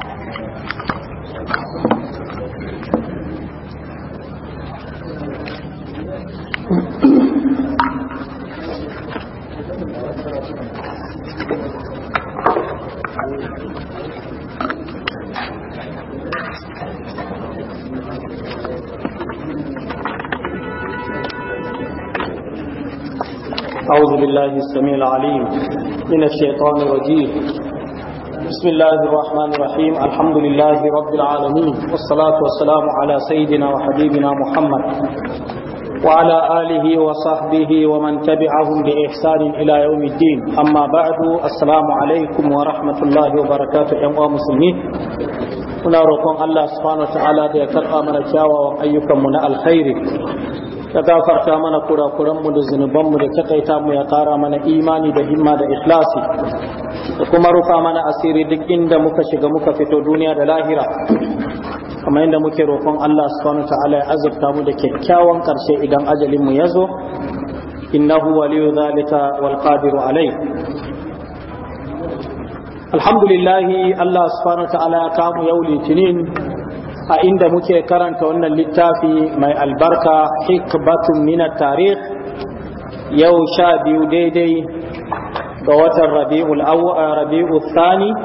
أعوذ بالله السميع العليم من الشيطان الرجيم بسم الله الرحمن الرحيم الحمد لله رب العالمين والصلاة والسلام على سيدنا وحبيبنا محمد وعلى آله وصحبه ومن تبعهم بإحسان إلى يوم الدين أما بعد السلام عليكم ورحمة الله وبركاته يا مسلمين muna roƙon Allah subhanahu wataala da ya karɓa mana kyawawan ayyukanmu na alkhairi ka gafarta mana kurakuranmu da zunubanmu da takaita mu ya kara mana imani da himma da ikhlasi da kuma rufa mana asiri duk inda muka shiga muka fito duniya da lahira kamar inda muke roƙon Allah subhanahu ta'ala ya azurta mu da kyakkyawan karshe idan ajalin mu yazo innahu waliyu zalika wal qadiru alai alhamdulillah Allah subhanahu ta'ala ya kamu yau litinin a inda muke karanta wannan littafi mai albarka hikbatun mina tarih yau sha biyu daidai ga watan rabi'u Sani eh,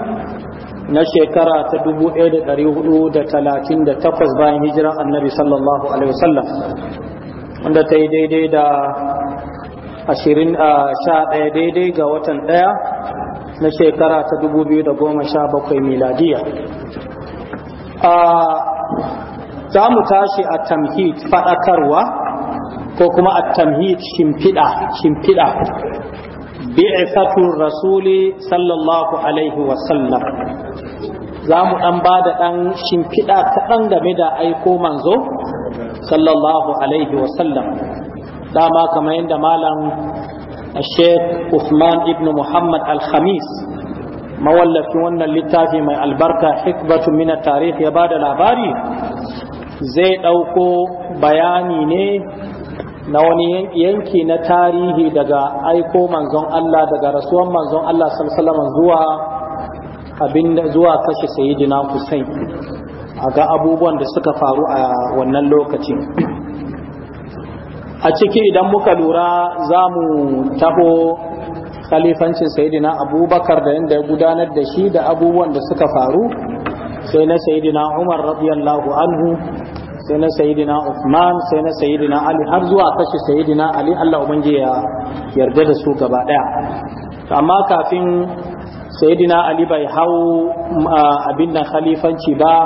na shekara ta 1438 bayan hijira annabi sallallahu alaihi wasallam wanda ta yi daidai da 21 eh, daidai ga watan ɗaya na shekara ta 2017 miladiya ah, za mu tashi a tamhid faɗakarwa ko kuma a tamhid shimfiɗa bi'ifatun rasuli sallallahu alaihi wasallam za mu ɗan ba da ɗan shimfiɗa kaɗan game da aiko manzo sallallahu alaihi wasallam dama kamar yadda malam Sheikh Uthman ibn Muhammad al-Khamis mawallafin wannan littafi mai albarka hikbatu mina tarih ya da labari zai ɗauko bayani ne na wani yanki na tarihi daga aiko manzon Allah daga rasuwan manzon Allah sallallahu zuwa abinda zuwa kashe sayyidina Hussein a ga abubuwan da suka faru a wannan lokacin a ciki idan muka lura za mu taho khalifancin sayidina abubakar da yadda ya gudanar da shi da abubuwan da suka faru sai na sayidina umar radiyallahu anhu sai na sayidina Uthman sai na sayidina Ali har zuwa kashe sayidina Ali Allah ubangi ya yarda da su gaba daya amma kafin sayidina Ali bai hau abin khalifanci ba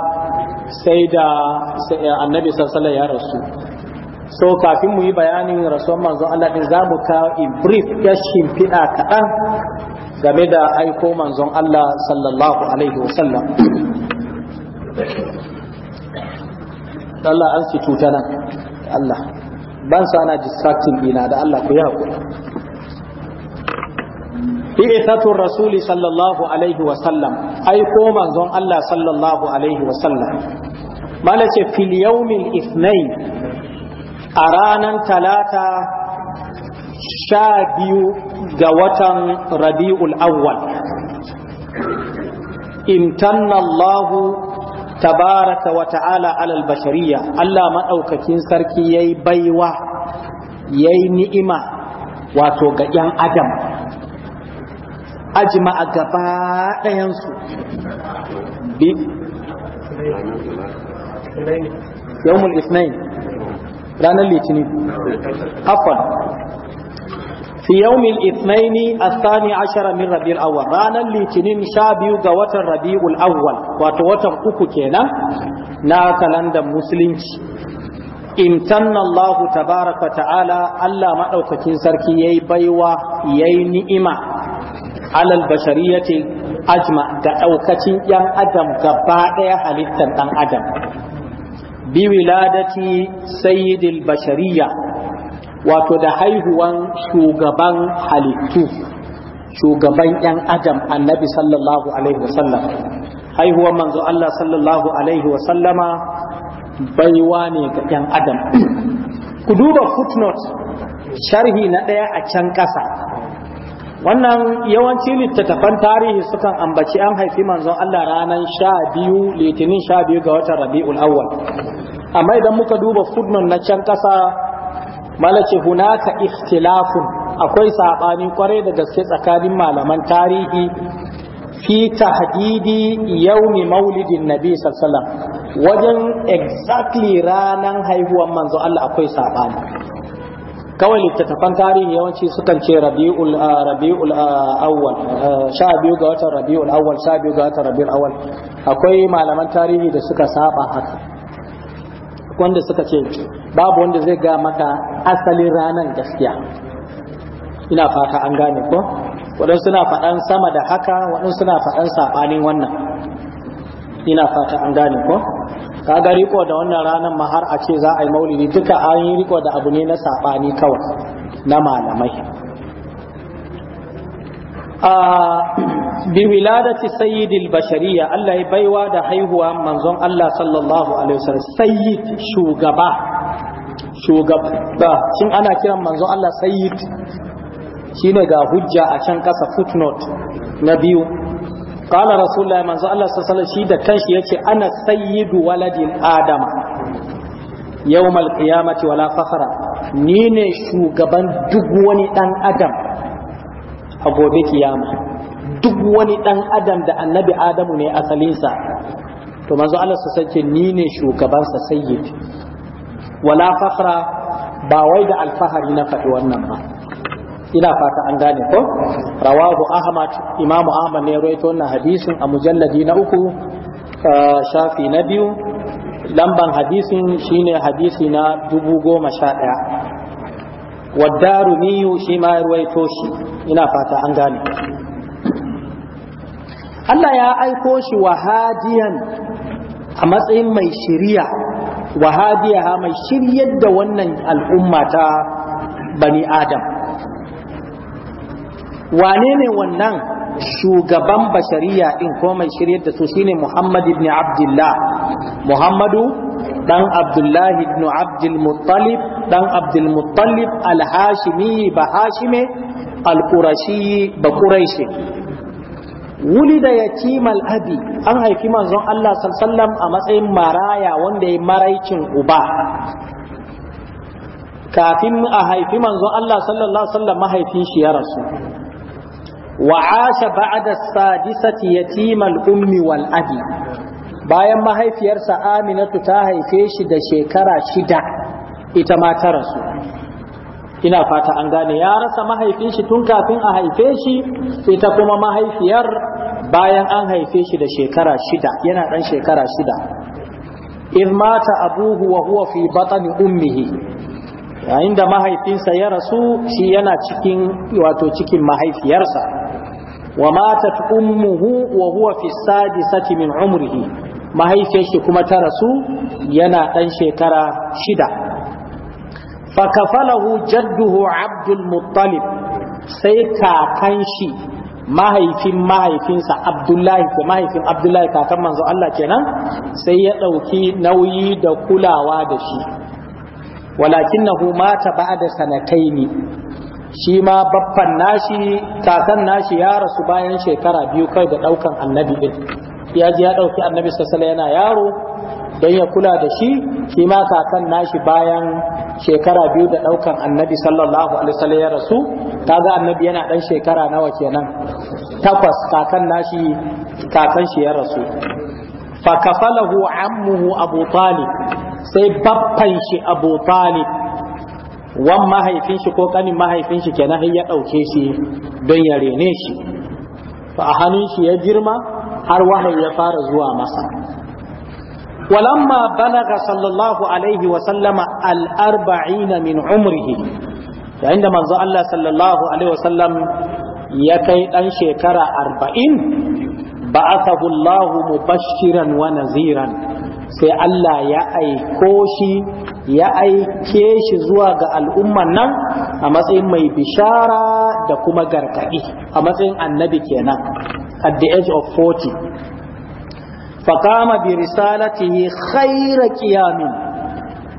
sai da annabi sallallahu ya rasu so kafin mu yi bayanin rasuwan manzon Allah din za mu ta in brief ya shimfiɗa kaɗan game da aiko manzon Allah sallallahu alaihi wasallam Allah an ci cuta nan Allah ban sana distracting dina da Allah ku yi haƙuri bi'ithatu rasuli sallallahu alaihi wasallam aiko manzon Allah sallallahu alaihi wasallam malace fil yawmil ithnain a ranar talata sha biyu ga watan rabi'ul awwal imtanna Allahu tabaraka wa ta'ala alal bashariya Allah maɗaukakin sarki ya yi baiwa ya yi ni'ima wato ga ‘yan adam ajima a gaba ɗayansu bi yawmul ranar litinin afon fi yawmin a sani ashara min rabi'ul Awal, ranar litinin sha biyu ga watan rabi'ul awwal wato watan uku kenan na kalandar musulunci imtanna Allah tabaraka ta'ala Allah maɗaukacin sarki yayi baiwa yayi ni'ima alal bashariyati ajma ga ɗaukacin yan adam gaba ɗaya halittar ɗan adam biwiladati wiladati sayyidil bashariya wato da haihuwan shugaban halittu shugaban yan adam annabi sallallahu alaihi wasallam haihuwan manzo Allah sallallahu alaihi wasallama baiwa ne ga yan adam ku duba footnote sharhi na ɗaya a can ƙasa wannan yawanci littattafan tarihi sukan ambaci an haifi manzon Allah ranar sha biyu litinin sha biyu ga watan rabi'ul awwal amma idan muka duba footnote na can kasa malace hunaka ikhtilafun akwai sabani kwarai da gaske tsakanin malaman tarihi fi tahdidi yawmi maulidin nabi sallallahu alaihi wasallam wajen exactly ranar haihuwar manzo Allah akwai sabani kawai littattafan tarihi yawanci sukan ce rabi'ul ah, rabi'ul ah, awwal ah, sha biyu ga watan rabi'ul awwal sha biyu ga watan rabi'ul awwal akwai malaman tarihi da suka saba haka wanda suka ce babu wanda zai ga maka asalin ranan gaskiya ina fata an gane ko waɗansu suna faɗan sama da haka waɗansu suna faɗan saɓanin wannan ina fata an gane ko ga riko da wannan ranar ma har a ce za a yi maulidi duka an yi riko da abu ne na saɓani kawai na malamai a bi wiladati sayyidil bashariya Allah ya baiwa da haihuwa manzon Allah sallallahu alaihi wasallam sayyid shugaba shugaba shin ana kiran manzon Allah sayyid shine ga hujja a can kasa footnote na biyu qala rasulullahi manzo Allah sallallahu alaihi shi da kanshi yace ana sayyidu waladin adama yawmal qiyamati wala fakhra ni ne shugaban duk wani dan adam a kiyama duk wani dan adam da annabi adamu ne asalinsa to manzo Allah ni ne shugaban sa sayyid wala ba wai da alfahari na faɗi wannan ba ina fata an gane ko rawahu ahmad imam ahmad ne rawaito wannan hadisin a mujalladi na uku shafi na biyu lamban hadisin shine hadisi na dubu goma sha ɗaya waddaru niyu shi ma shi ina fata an gane Allah ya aiko shi wahadiyan a matsayin mai shirya wahadiya mai shiryar da wannan al'umma ta bani adam wane ne wannan shugaban bashariya din ko mai shiryar da su shine Muhammad ibn Abdullah Muhammadu dan Abdullah ibn Abdul Muttalib dan Abdul Muttalib al-Hashimi ba Hashime al-Qurashi ba Quraishi wulida yatimal abi an haifi manzon Allah sallallahu a matsayin maraya wanda ya maraicin uba kafin a haifi manzon Allah sallallahu alaihi wasallam mahaifin shi ya rasu wa asha ba'da sadisati yatimal ummi wal abi bayan mahaifiyarsa Aminatu ta haife shi da shekara shida ita ma ta rasu ina fata an gane ya rasa mahaifin shi tun kafin a haife shi ita kuma mahaifiyar bayan an haife shi da shekara shida yana ɗan shekara shida iz mata abuhu wa huwa fi batni ummihi yayin da mahaifinsa ya rasu shi yana cikin wato cikin mahaifiyarsa wa matat ummuhu wa huwa fi sadisati min umrihi mahaifiyar kuma ta rasu yana ɗan shekara shida fa kafalahu jadduhu abdul muttalib sai kakan shi mahaifin mahaifinsa abdullahi ko mahaifin abdullahi kakan manzo Allah kenan sai ya ɗauki nauyi da kulawa da shi Walakin walakinahu mata ba'da sanataini shi ma baffan nashi kakan nashi ya rasu bayan shekara biyu kai da daukan annabi din ya ji ya dauki annabi sassala yana yaro don ya kula da shi shi ma kakan nashi bayan shekara biyu da daukan annabi sallallahu alaihi wasallam ya rasu kaga annabi yana dan shekara nawa kenan takwas kakan nashi kakan shi ya rasu fa kafalahu ammuhu abu talib sai baffan shi abu talib wan mahaifinshi ko kanin mahaifinshi shi kenan ya ɗauke shi don ya rene shi to a hannun shi ya girma har wahayi ya fara zuwa masa walamma balaga sallallahu alaihi wa sallama al-arba'ina min umrihi yayin da manzo Allah sallallahu alaihi wa sallam ya kai ɗan shekara arba'in ba'athahu Allah mubashiran wa naziran sai Allah ya aiko shi ya aike shi zuwa ga al'umman nan a matsayin mai bishara da kuma gargaɗi a matsayin annabi kenan at the age of 40 faƙama bi yi khaira qiyamin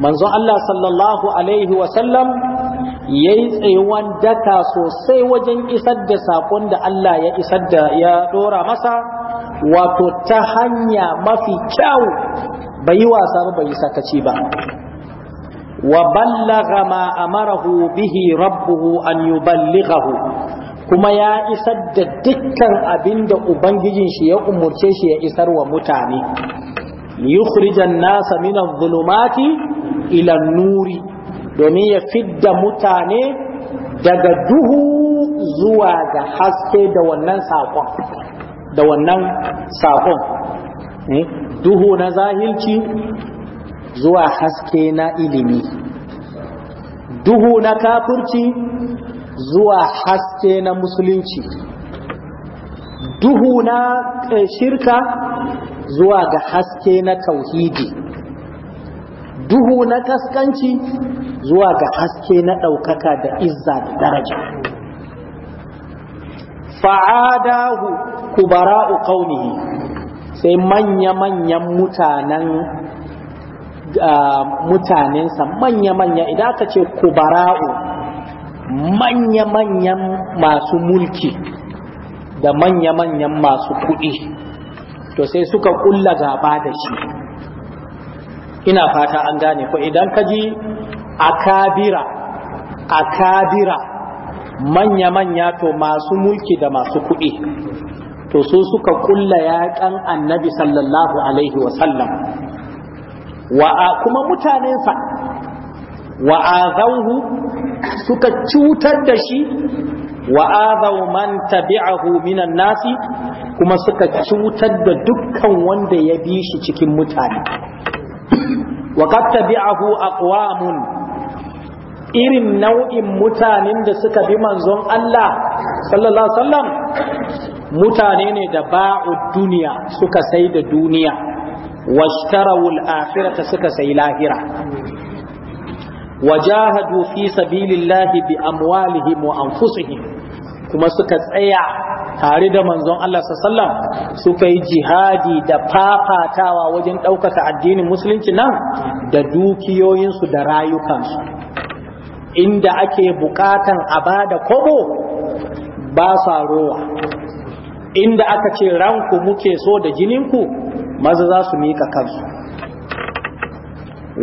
manzo Allah sallallahu alaihi wasallam ya yi tsayuwan daka sosai wajen isar da saƙon da Allah ya isar da ya ɗora masa wato ta hanya mafi kyau bai yi wasa ba bai yi sakaci ba wa ballagha ma amarahu bihi rabbuhu an yuballighahu kuma ya isar da dukkan abin da ubangijin shi ya umurce shi ya isar wa mutane yukhrijan nasa min adh-dhulumati ila nuri domin ya fidda mutane daga duhu zuwa ga haske da wannan sakon da wannan sakon eh? duhu na zahilci zuwa haske na ilimi duhu na kafurci zuwa haske na musulunci duhu na eh, shirka zuwa ga haske na tauhidi duhu na kaskanci zuwa ga haske na ɗaukaka da izza da daraja fa'adahu kubara'u qaumihi sai manya-manyan mutanen mutanensa manya-manya idan aka ce kubara'u manya-manyan masu mulki da manya-manyan masu kuɗi to sai suka ƙulla gaba da shi ina fata an gane ko idan ka ji akabira akabira manya-manya to masu mulki da masu kuɗi to su suka kulla yaƙan annabi sallallahu alaihi wasallam kuma mutanensa wa'azauhu suka cutar da shi wa'azau man tabi'ahu minan nasi kuma suka cutar da dukkan wanda ya bi shi cikin mutane waƙar tabi'ahu aqwamun irin nau'in mutanen da suka bi manzon Allah sallallahu alaihi wasallam mutane ne da ba'u duniya suka sai da duniya al akhirata suka sai lahira wajahadu fi sabilillahi bi amwalihim wa anfusihim kuma suka tsaya tare da manzon Allah Sallallahu sallam suka yi jihadi da fafatawa wajen ɗaukaka addinin musulunci nan da dukiyoyinsu da rayukansu inda ake bukatan a bada kobo ba sa rowa inda aka ce ranku muke so da jininku maza za su miƙa kansu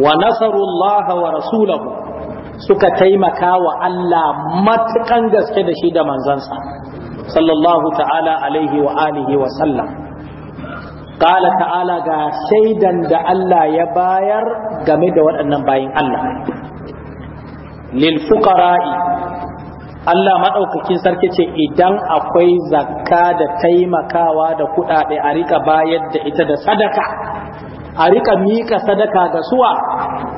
wa nasarullaha wa rasulahu suka taimaka wa Allah matuƙan gaske da shi da manzansa sallallahu ta'ala alaihi wa alihi wa sallam qala ta'ala ga shaidan da Allah ya bayar game da waɗannan bayin Allah lil fuqara'i Allah maɗaukakin sarki ce idan akwai zakka da taimakawa da kuɗaɗe a rika bayar da ita da sadaka a rika mika sadaka ga suwa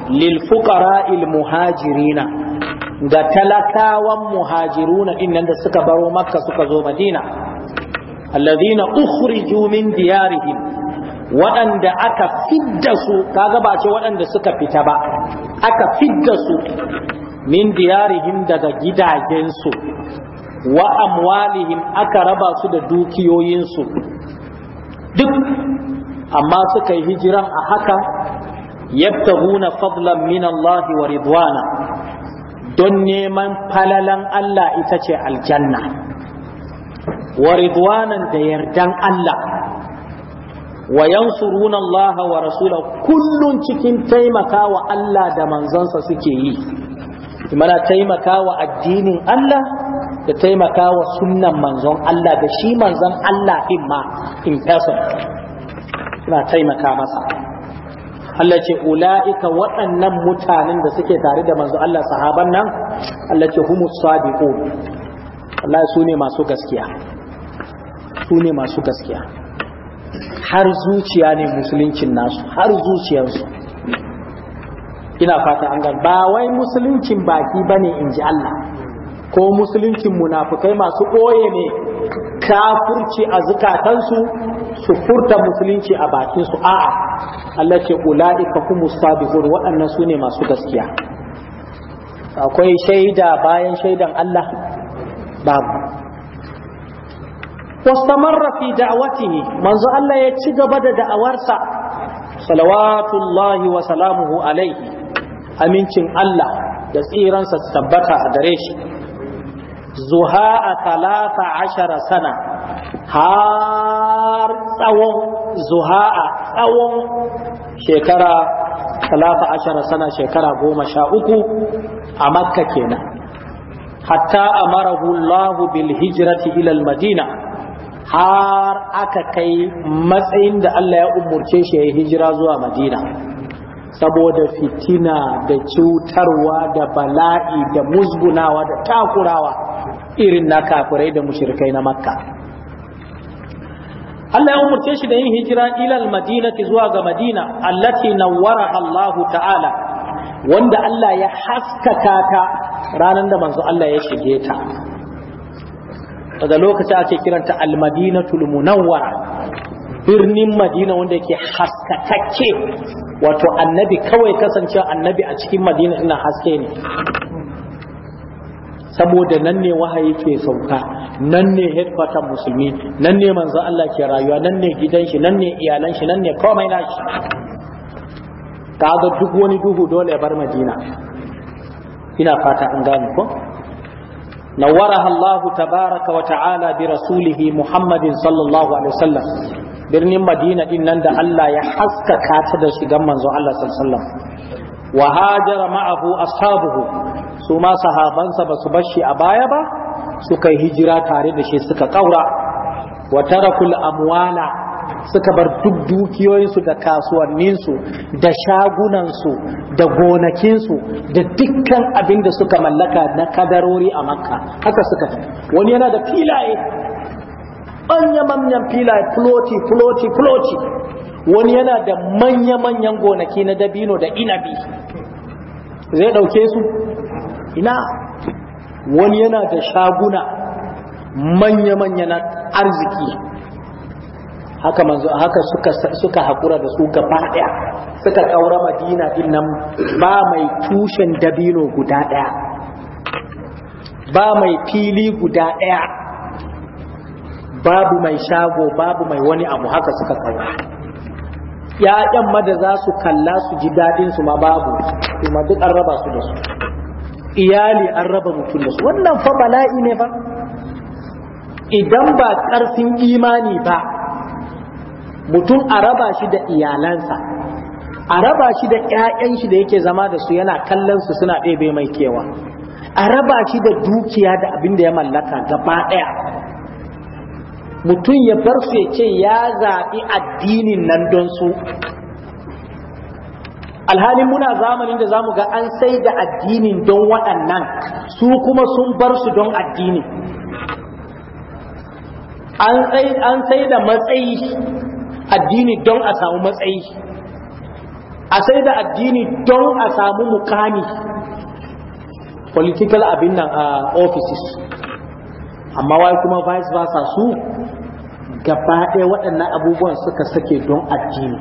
lil fuqara muhajirina ga talakawan muhajiruna innan da suka baro makka suka zo madina alladhina ukhriju min diyarihim waɗanda aka fidda su kaga ba ce waɗanda suka fita ba aka fidda su min diyarihim daga gidajensu wa amwalihim aka raba su da dukiyoyinsu duk amma suka yi hijiran a haka yabtaguna fadlan min Allah wa ridwana don neman falalan Allah ita ce aljanna wa ridwanan da yardan Allah wa yansuruna Allah wa rasulahu kullun cikin taimakawa Allah da manzansa suke yi mana taimaka wa addinin Allah da taimaka wa sunnan manzon Allah da shi manzon Allah in ma in person suna taimaka masa Allah ce ula'ika waɗannan mutanen da suke tare da manzon Allah sahaban nan Allah ce humus sadiqun Allah su ne masu gaskiya su ne masu gaskiya har zuciya ne musuluncin nasu har zuciyarsu ina fata an gan. ba wai musuluncin baki bane in ji Allah ko musuluncin munafukai masu ɓoye ne kafurci a zukatansu su furta musulunci a bakin su a'a Allah ce ka kuma sabihun waɗannan su ne masu gaskiya akwai shaida bayan shaidan Allah babu wastamarra fi da'watihi manzo Allah ya ci gaba da da'awarsa salawatullahi wa salamuhu alaihi amincin Allah da tsiransa tabbata a gare shi zuha a talata ashara sana har tsawon zuha a tsawon shekara talata ashara sana shekara goma sha uku a makka kenan hatta amarahu Allahu bil hijrati ila madina har aka kai matsayin da Allah ya umurce shi ya hijira zuwa madina saboda fitina da cutarwa da bala'i da musgunawa da takurawa irin na kafirai da mushrikai na makka Allah ya umurce shi da yin hijira ilal madinati zuwa ga madina allati nawwara Allah ta'ala wanda Allah ya haskaka ta ranar da manzo Allah ya shige ta daga lokacin ake kiranta al-madinatul munawwara birnin madina wanda yake haskakakke wato annabi kawai kasancewa annabi a cikin madina ina haske ne saboda nan ne wahayi ke sauka nan ne headquarter musulmi nan ne manzo Allah ke rayuwa nan ne gidan shi nan ne iyalan shi nan ne komai na shi. kaga duk wani duhu dole ya bar madina ina fata an gane ko نورها الله تبارك وتعالى برسوله محمد صلى الله عليه وسلم birnin madina din nan da Allah ya haskaka ta da shigan manzon Allah sallallahu alaihi wasallam wa hajara ma'ahu ashabuhu su ma sahabansa ba su bar shi a baya ba suka hijira tare da shi suka kaura wa tarakul amwala suka bar duk dukiyoyinsu da kasuwanninsu da shagunansu da gonakinsu da dukkan abin da suka mallaka na kadarori a makka haka suka wani yana da filaye manya-manyan filaye floti floti floti wani yana da manya-manyan gonaki na dabino da inabi zai ɗauke su ina wani yana da shaguna manya-manya na arziki haka manzo haka suka suka hakura da su gaba daya suka kaura madina din nan ba mai tushen dabino guda daya ba mai fili guda daya babu mai shago babu mai wani abu haka suka kawo ya'yan ma da za su kalla su ji daɗin su ma babu kuma duk an raba su da su iyali an raba mutum da su wannan fa bala'i ne ba? idan ba ƙarfin imani ba mutum a raba shi da iyalansa a raba shi da 'ya'yan shi da yake zama da su yana kallon su suna ɗebe mai kewa a raba shi da dukiya da abin da ya mallaka gaba ɗaya mutum ya bar su ya ce ya zaɓi addinin nan don su alhalin muna zamanin da zamu ga an sai da addinin don waɗannan su kuma sun bar su don addini an sai da matsayi addini don a samu matsayi a sai da addini don a samu mukami political abin nan a uh, offices amma wai kuma vice versa su gaba ɗaya waɗannan abubuwan suka sake don addini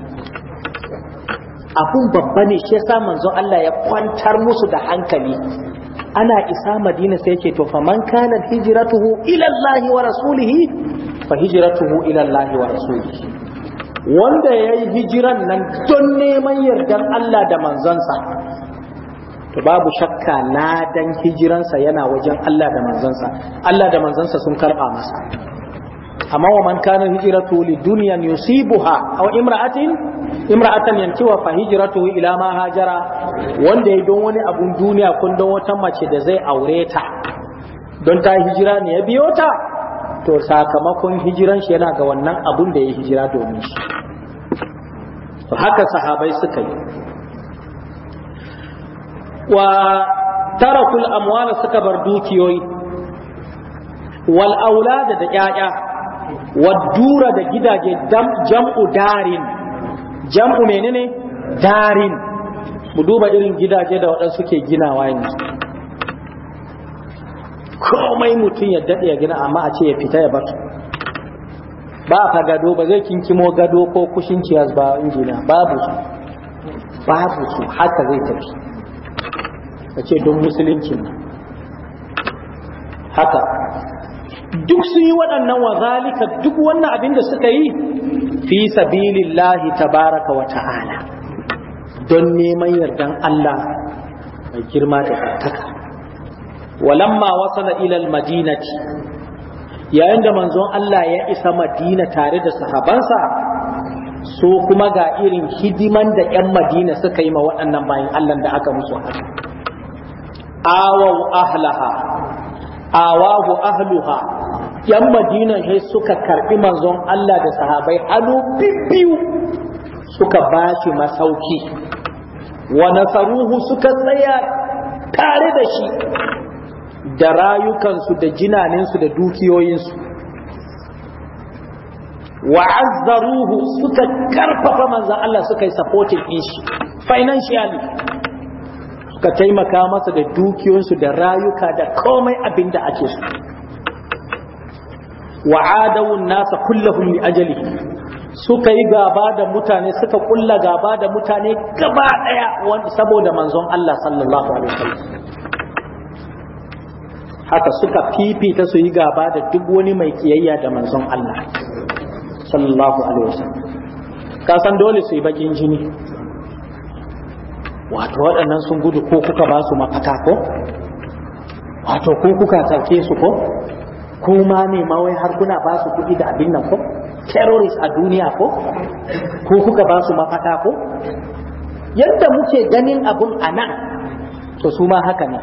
abun babba ne shi yasa manzon Allah ya kwantar musu da hankali ana isa madina sai yake to fa man kana hijratuhu ila Allah wa rasulihi fa hijratuhu ila Allah wa rasulihi wanda yayi hijiran nan don neman yardan Allah da manzansa to babu shakka na dan hijiransa yana wajen Allah da manzansa Allah da manzansa sun karba masa amma wa man kana hijratu li dunyan yusibuha aw imra'atin imra'atan yankiwa fa hijratu ila ma hajara wanda ya don wani abun duniya kun don wata mace da zai aure ta don ta hijira ne ya biyo ta to sakamakon hijiran shi yana ga wannan abun da ya hijira domin shi to haka sahabai suka yi wa tarakul amwala suka bar dukiyoyi wal aulada da 'ya'ya, wadura da gidaje jam'u darin jam'u menene darin mu duba irin gidaje da waɗansu ke ginawa yanzu komai mutum ya dade ya gina amma a ce ya fita ya bar. ba ka gado ba zai kinkimo gado ko kushin ciyas ba injina babu su babu su haka zai tafi ka ce don musuluncin haka duk sun yi waɗannan wa zalika duk wannan abin da suka yi fi sabilillahi tabaraka wa ta'ala don neman yardan Allah mai girma da kantaka walamma wasala ila almadinati yayin da manzon Allah ya isa Madina tare da sahabansa so kuma ga irin hidiman da 'yan Madina suka yi ma waɗannan bayan Allah da aka musu haka awau ahlaha awahu ahluha yan madina sai suka karbi manzon Allah da sahabai hannu biyu suka bashi masauki wa nasaruhu suka tsaya tare da shi da rayukansu da jinaninsu da dukiyoyinsu wa azzaruhu suka karfafa manzon Allah suka yi supporting shi financially ka taimaka masa da dukiyonsu da rayuka da komai abin da ake su wa'adawun nasa kullahum li ajali suka yi gaba da mutane suka kulla gaba da mutane gaba daya saboda manzon Allah sallallahu alaihi wasallam haka suka fifita su yi gaba da duk wani mai kiyayya da manzon Allah sallallahu alaihi wasallam ka san dole su yi bakin jini wato waɗannan sun gudu ko kuka ba su mafaka ko wato ko kuka sauke su ko ko ma ne mawai har kuna ba su kuɗi da abin nan ko terrorist a duniya ko ko kuka ba su mafaka ko yadda muke ganin abun a nan to su ma haka ne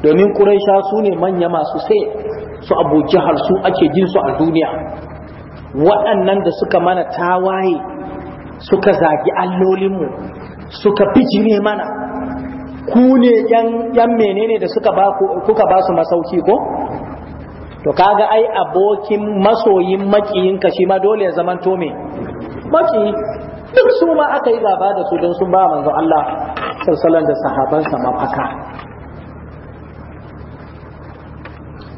domin ƙuraisha su ne manya masu sai su abu jihar su ake jin su a duniya waɗannan da suka mana tawaye suka zagi allolinmu suka bijire mana ku ne yan menene da suka kuka ba su masauki ko to kaga ai abokin masoyin ka shi ma dole ya zaman to me maki duk su ma aka yi gaba da su don sun ba manzo Allah sallallahu da sahabansa mafaka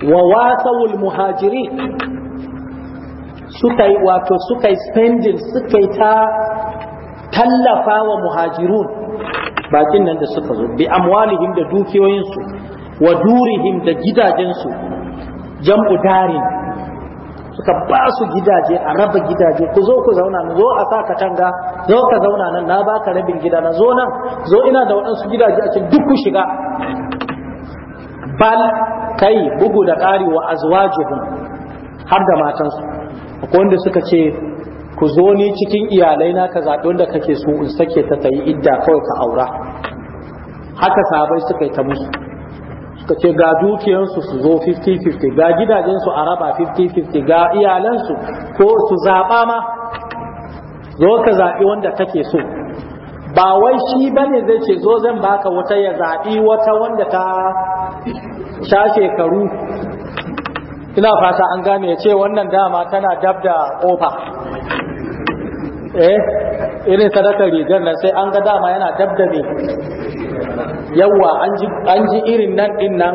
wa wasawul muhajiri suka yi wato suka yi spending suka yi ta tallafa wa muhajirun bakin nan da suka zo bi amwalihim da dukiyoyinsu wa durihim da gidajensu jam'u darin suka ba su gidaje a raba gidaje ku zo ku zauna nan zo a sa katanga zo ka zauna nan na baka rabin gida na zo nan zo ina da waɗansu gidaje a cikin duk ku shiga bal kai bugu da ƙari wa azwajuhum har da matansu akwai wanda suka ce ku zo ni cikin iyalai na ka zaɓi wanda kake so in sake ta ta yi idda kawai ka aura haka sahabai suka yi ta musu suka ce ga dukiyansu su zo 50-50 ga gidajensu a raba 50-50 ga iyalansu ko su zaɓa ma zo ka zaɓi wanda kake so ba wai shi bane zai ce zo zan baka wata ya zaɓi wata wanda ta sha shekaru ina fata an gane ya ce wannan dama tana dab da ƙofa eh irin sadakar rigar nan sai an ga dama yana dabdabe yawa an ji irin nan din nan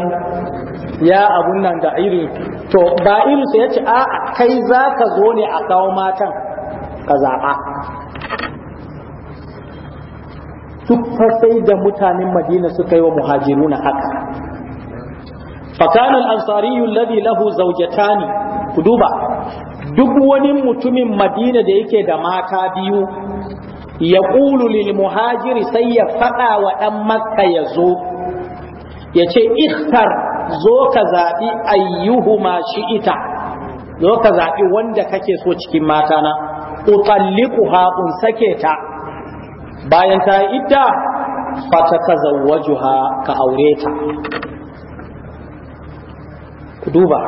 ya abun nan da irin to ba irin sai ya ce a kai za ka zo ne a kawo matan ka zaɓa duk sai da mutanen madina suka yi wa muhajiruna haka fakanan ansariyu alladhi lahu zaujatani ku duba duk wani mutumin madina da yake da mata biyu ya ƙulu lil muhajiri sai ya faɗa wa ɗan makka ya zo ya ce ikhtar zo ka zaɓi ayyuhu ayyuhuma shi'ita zo ka zaɓi wanda kake so cikin mata na, matana ku un sake ta bayan ta ita, fata ka zawwajuha ka aure ta ku duba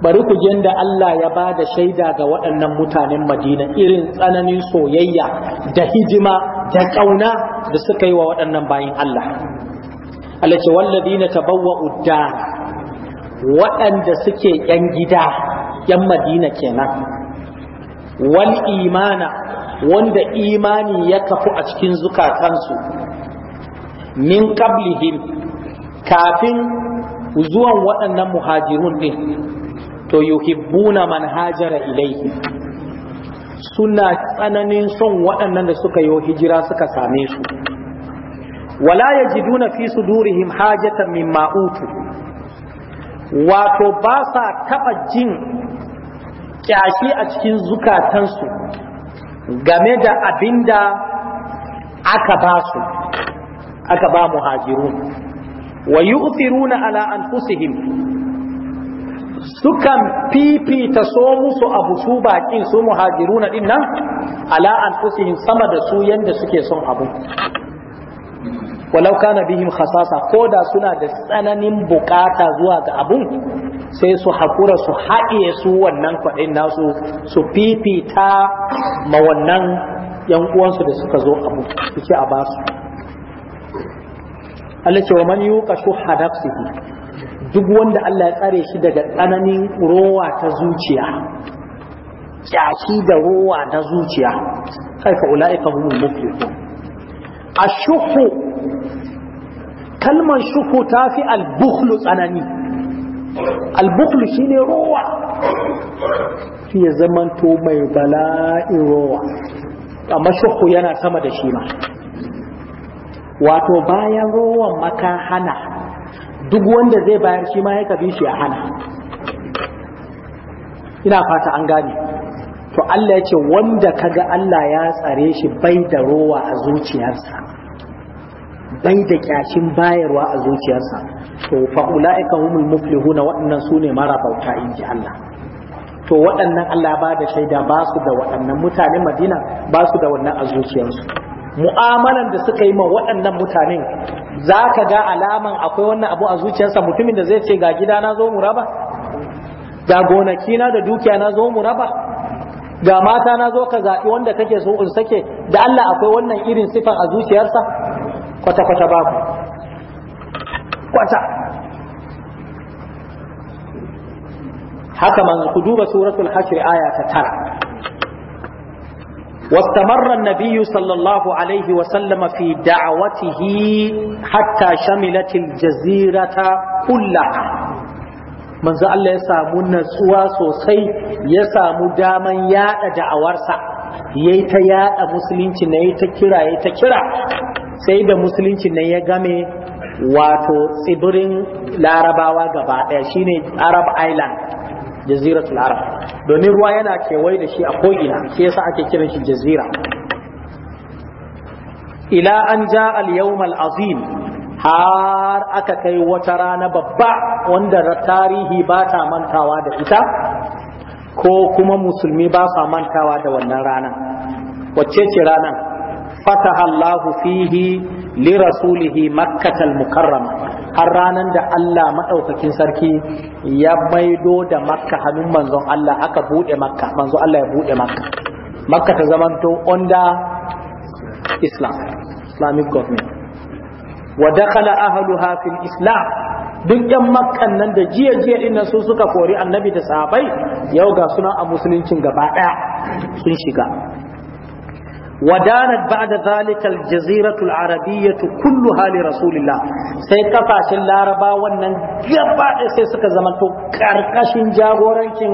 bari ku da Allah ya ba da shaida ga waɗannan mutanen Madina irin tsananin soyayya da hidima da ƙauna da suka yi wa waɗannan bayan Allah. Allah wallabi na tabawa udda waɗanda suke ‘yan gida ‘yan Madina kenan wal imana wanda imani ya kafu a cikin zukatansu min qablihim kafin zuwan waɗannan muhajirun ɗin to yuhibbuna man hajara ilaihi suna tsananin son waɗannan da suka yi hijira suka same su wala yajiduna fi sudurihim hajatan mimma utu wato ba sa taɓa jin kyashi a cikin zukatansu game da abinda aka ba su aka ba muhajiru wa yu'thiruna ala anfusihim sukan fifita so musu abu su baƙin su muhajiruna din nan ala anfusihim sama da su yanda suke son abu walau kana bihim khasasa ko da suna da tsananin bukata zuwa ga abun sai su hakura su haɗiye su wannan kwaɗin nasu su fifita ma wannan yan uwansu da suka zo abu suke a basu Allah ce wa man yuqa shuhha nafsihi duk wanda Allah ya tsare shi daga tsananin rowa ta zuciya kyashi da rowa na zuciya sai ka ula'ika humul muflihun ashuhu kalmar shuhu ta fi albukhlu tsanani albukhlu shine rowa shi ya zamanto mai bala'in rowa amma shuhu yana sama da shi ma wato bayan rowan makahana. hana duk wanda zai bayar shi ma ya bi shi ya hana ina fata an gane to Allah ya ce wanda kaga Allah ya tsare shi bai da rowa a zuciyarsa bai da kyashin bayarwa a zuciyarsa to fa ulaika humul muflihuna waɗannan su ne mara bauta inji Allah to waɗannan Allah ba da shaida ba su da waɗannan mutanen Madina ba su da wannan a zuciyarsu mu'amalan da suka yi ma waɗannan mutanen za ka ga alaman akwai wannan abu a zuciyarsa mutumin da zai ce ga gida na zo mu raba ga gonaki na da dukiya na zo mu raba ga mata na zo ka zaɓi wanda kake so in sake da Allah akwai wannan irin sifan a zuciyarsa kwata-kwata babu kwata haka man ku duba suratul hashr aya ta tara واستمر النبي صلى الله عليه وسلم في دعوته حتى شملت الجزيرة كلها manzo Allah ya samu natsuwa sosai ya samu daman yaɗa da'awarsa yayi ta yaɗa musulunci ne yayi ta kira ta kira sai da musulunci na ya game wato tsibirin larabawa gaba daya shine arab island jaziratul arab domin ruwa yana kewaye da shi a ko'ina shi yasa ake kiran shi jazira ila an ja al-yawm al-azim har aka kai wata rana babba wanda tarihi ba ta mantawa da ita ko kuma musulmi ba sa mantawa da wannan rana, wacce ce ranan fataha Allahu fihi li rasulihi makkatal mukarrama har ranar da Allah maɗaukakin sarki ya maido da makka hannun manzon Allah aka buɗe makka manzon Allah ya buɗe makka makka ta zamanto under islam islamic government wa dakhala ahluha fil islam duk yan makkan nan da jiya jiya din nan su suka kori annabi da sahabbai yau ga sunan a musuluncin gaba daya sun shiga wadanat ba'da zalika aljaziratu alarabiyyatu kulluha li rasulillah sai ƙasashen laraba wannan gaba sai suka zama to karkashin jagorancin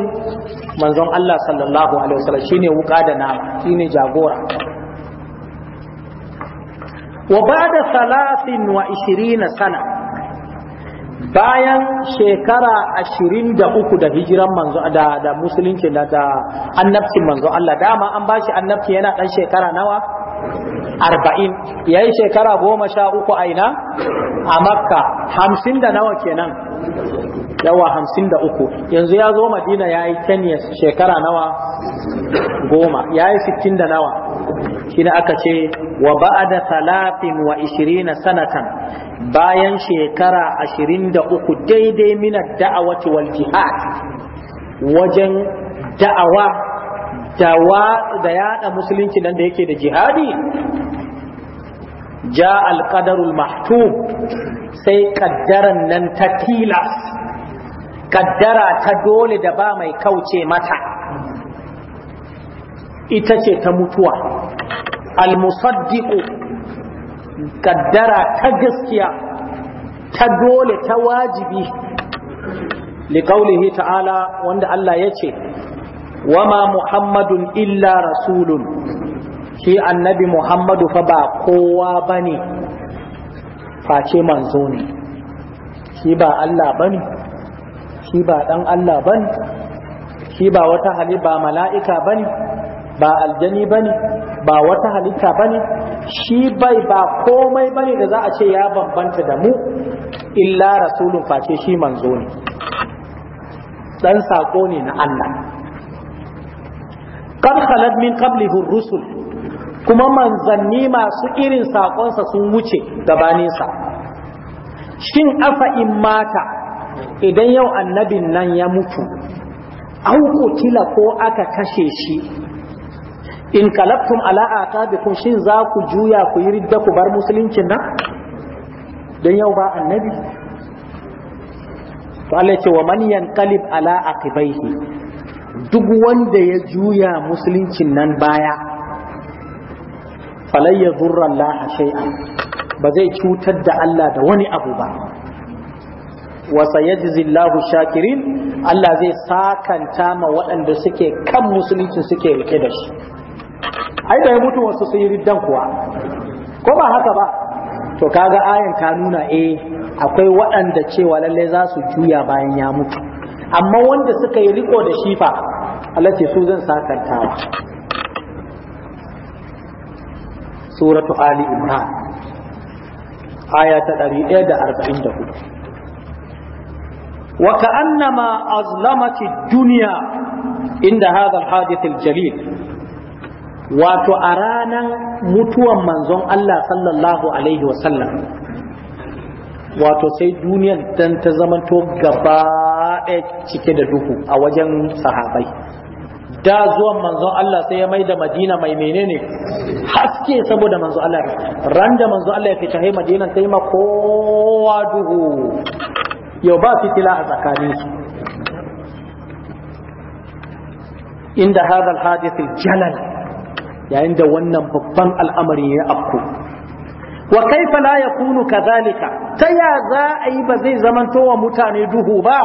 manzon Allah sallallahu alaihi wasallam shine wuka da nama shine jagora wa ba'da 23 sana bayan shekara ashirin da uku da hijiran manzo da da musulunci da da annabcin manzo Allah dama an bashi annabci yana dan shekara nawa arba'in ya yi shekara goma sha uku a ina a makka hamsin da nawa kenan yawa hamsin da uku yanzu ya zo madina ya yi shekara nawa goma ya yi sittin da nawa shine aka ce wa ba'da talatin wa ishirina sanatan bayan shekara ashirin da uku daidai minar da'awati wal jihad wajen da'awa da yada musulunci nan da yake da jihadi ja alƙadarul mahtub sai kaddaran nan ta tilas kaddara ta dole da ba mai kauce mata ita ce ta mutuwa almusaddiqu kaddara ta gaskiya ta dole ta wajibi liƙaulihi ta'ala wanda Allah ya ce ma muhammadun illa rasulun shi annabi muhammadu fa ba kowa ba ne face manzo ne shi ba Allah ba shi ba dan Allah ba shi ba wata hali ba mala'ika ba ba aljani ba ne ba wata halitta ba ne shi bai ba komai ba ne da za a ce ya bambanta da mu illa rasulun face shi manzo ne dan sako ne na Allah kan khalat min qablihi rusul kuma manzanni masu irin saƙonsa sun wuce gabaninsa shin afa in mata idan yau annabin nan ya mutu auku kila ko aka kashe shi in kalabtum ala aqabikum shin za ku juya ku yi ridda ku bar musuluncin nan don yau ba annabi to Allah ce wa man yanqalib ala aqibaihi duk wanda ya juya musuluncin nan baya falai yadurra Allah shay'an ba zai cutar da Allah da wani abu ba wa sayajzi Allahu shakirin Allah zai sakanta ma waɗanda suke kan musuluncin suke rike da shi ai da ya mutu wasu sun yi riddan kuwa ko ba haka ba to kaga ayan ka nuna eh akwai waɗanda cewa lalle za su juya bayan ya mutu amma wanda suka yi riko da shifa Allah ce su zan sakantawa suratu ali imran aya ta 144 وكأنما أظلمت الدنيا عند هذا الحادث الجليل wato a ranar mutuwan manzon Allah sallallahu alaihi wasallam wato sai duniyar dan ta zamanto gaba ɗaya cike da duhu a wajen sahabai da zuwan manzon Allah sai ya mai da Madina mai menene haske saboda manzon Allah ran da manzon Allah ya fita Madina sai ma kowa duhu yau ba fitila a tsakanin su inda hadha al-hadith al-jalal yayin da wannan babban al'amari ya afku wa kaifa la yakunu kadhalika ta ya za a yi ba zai zamanto wa mutane duhu ba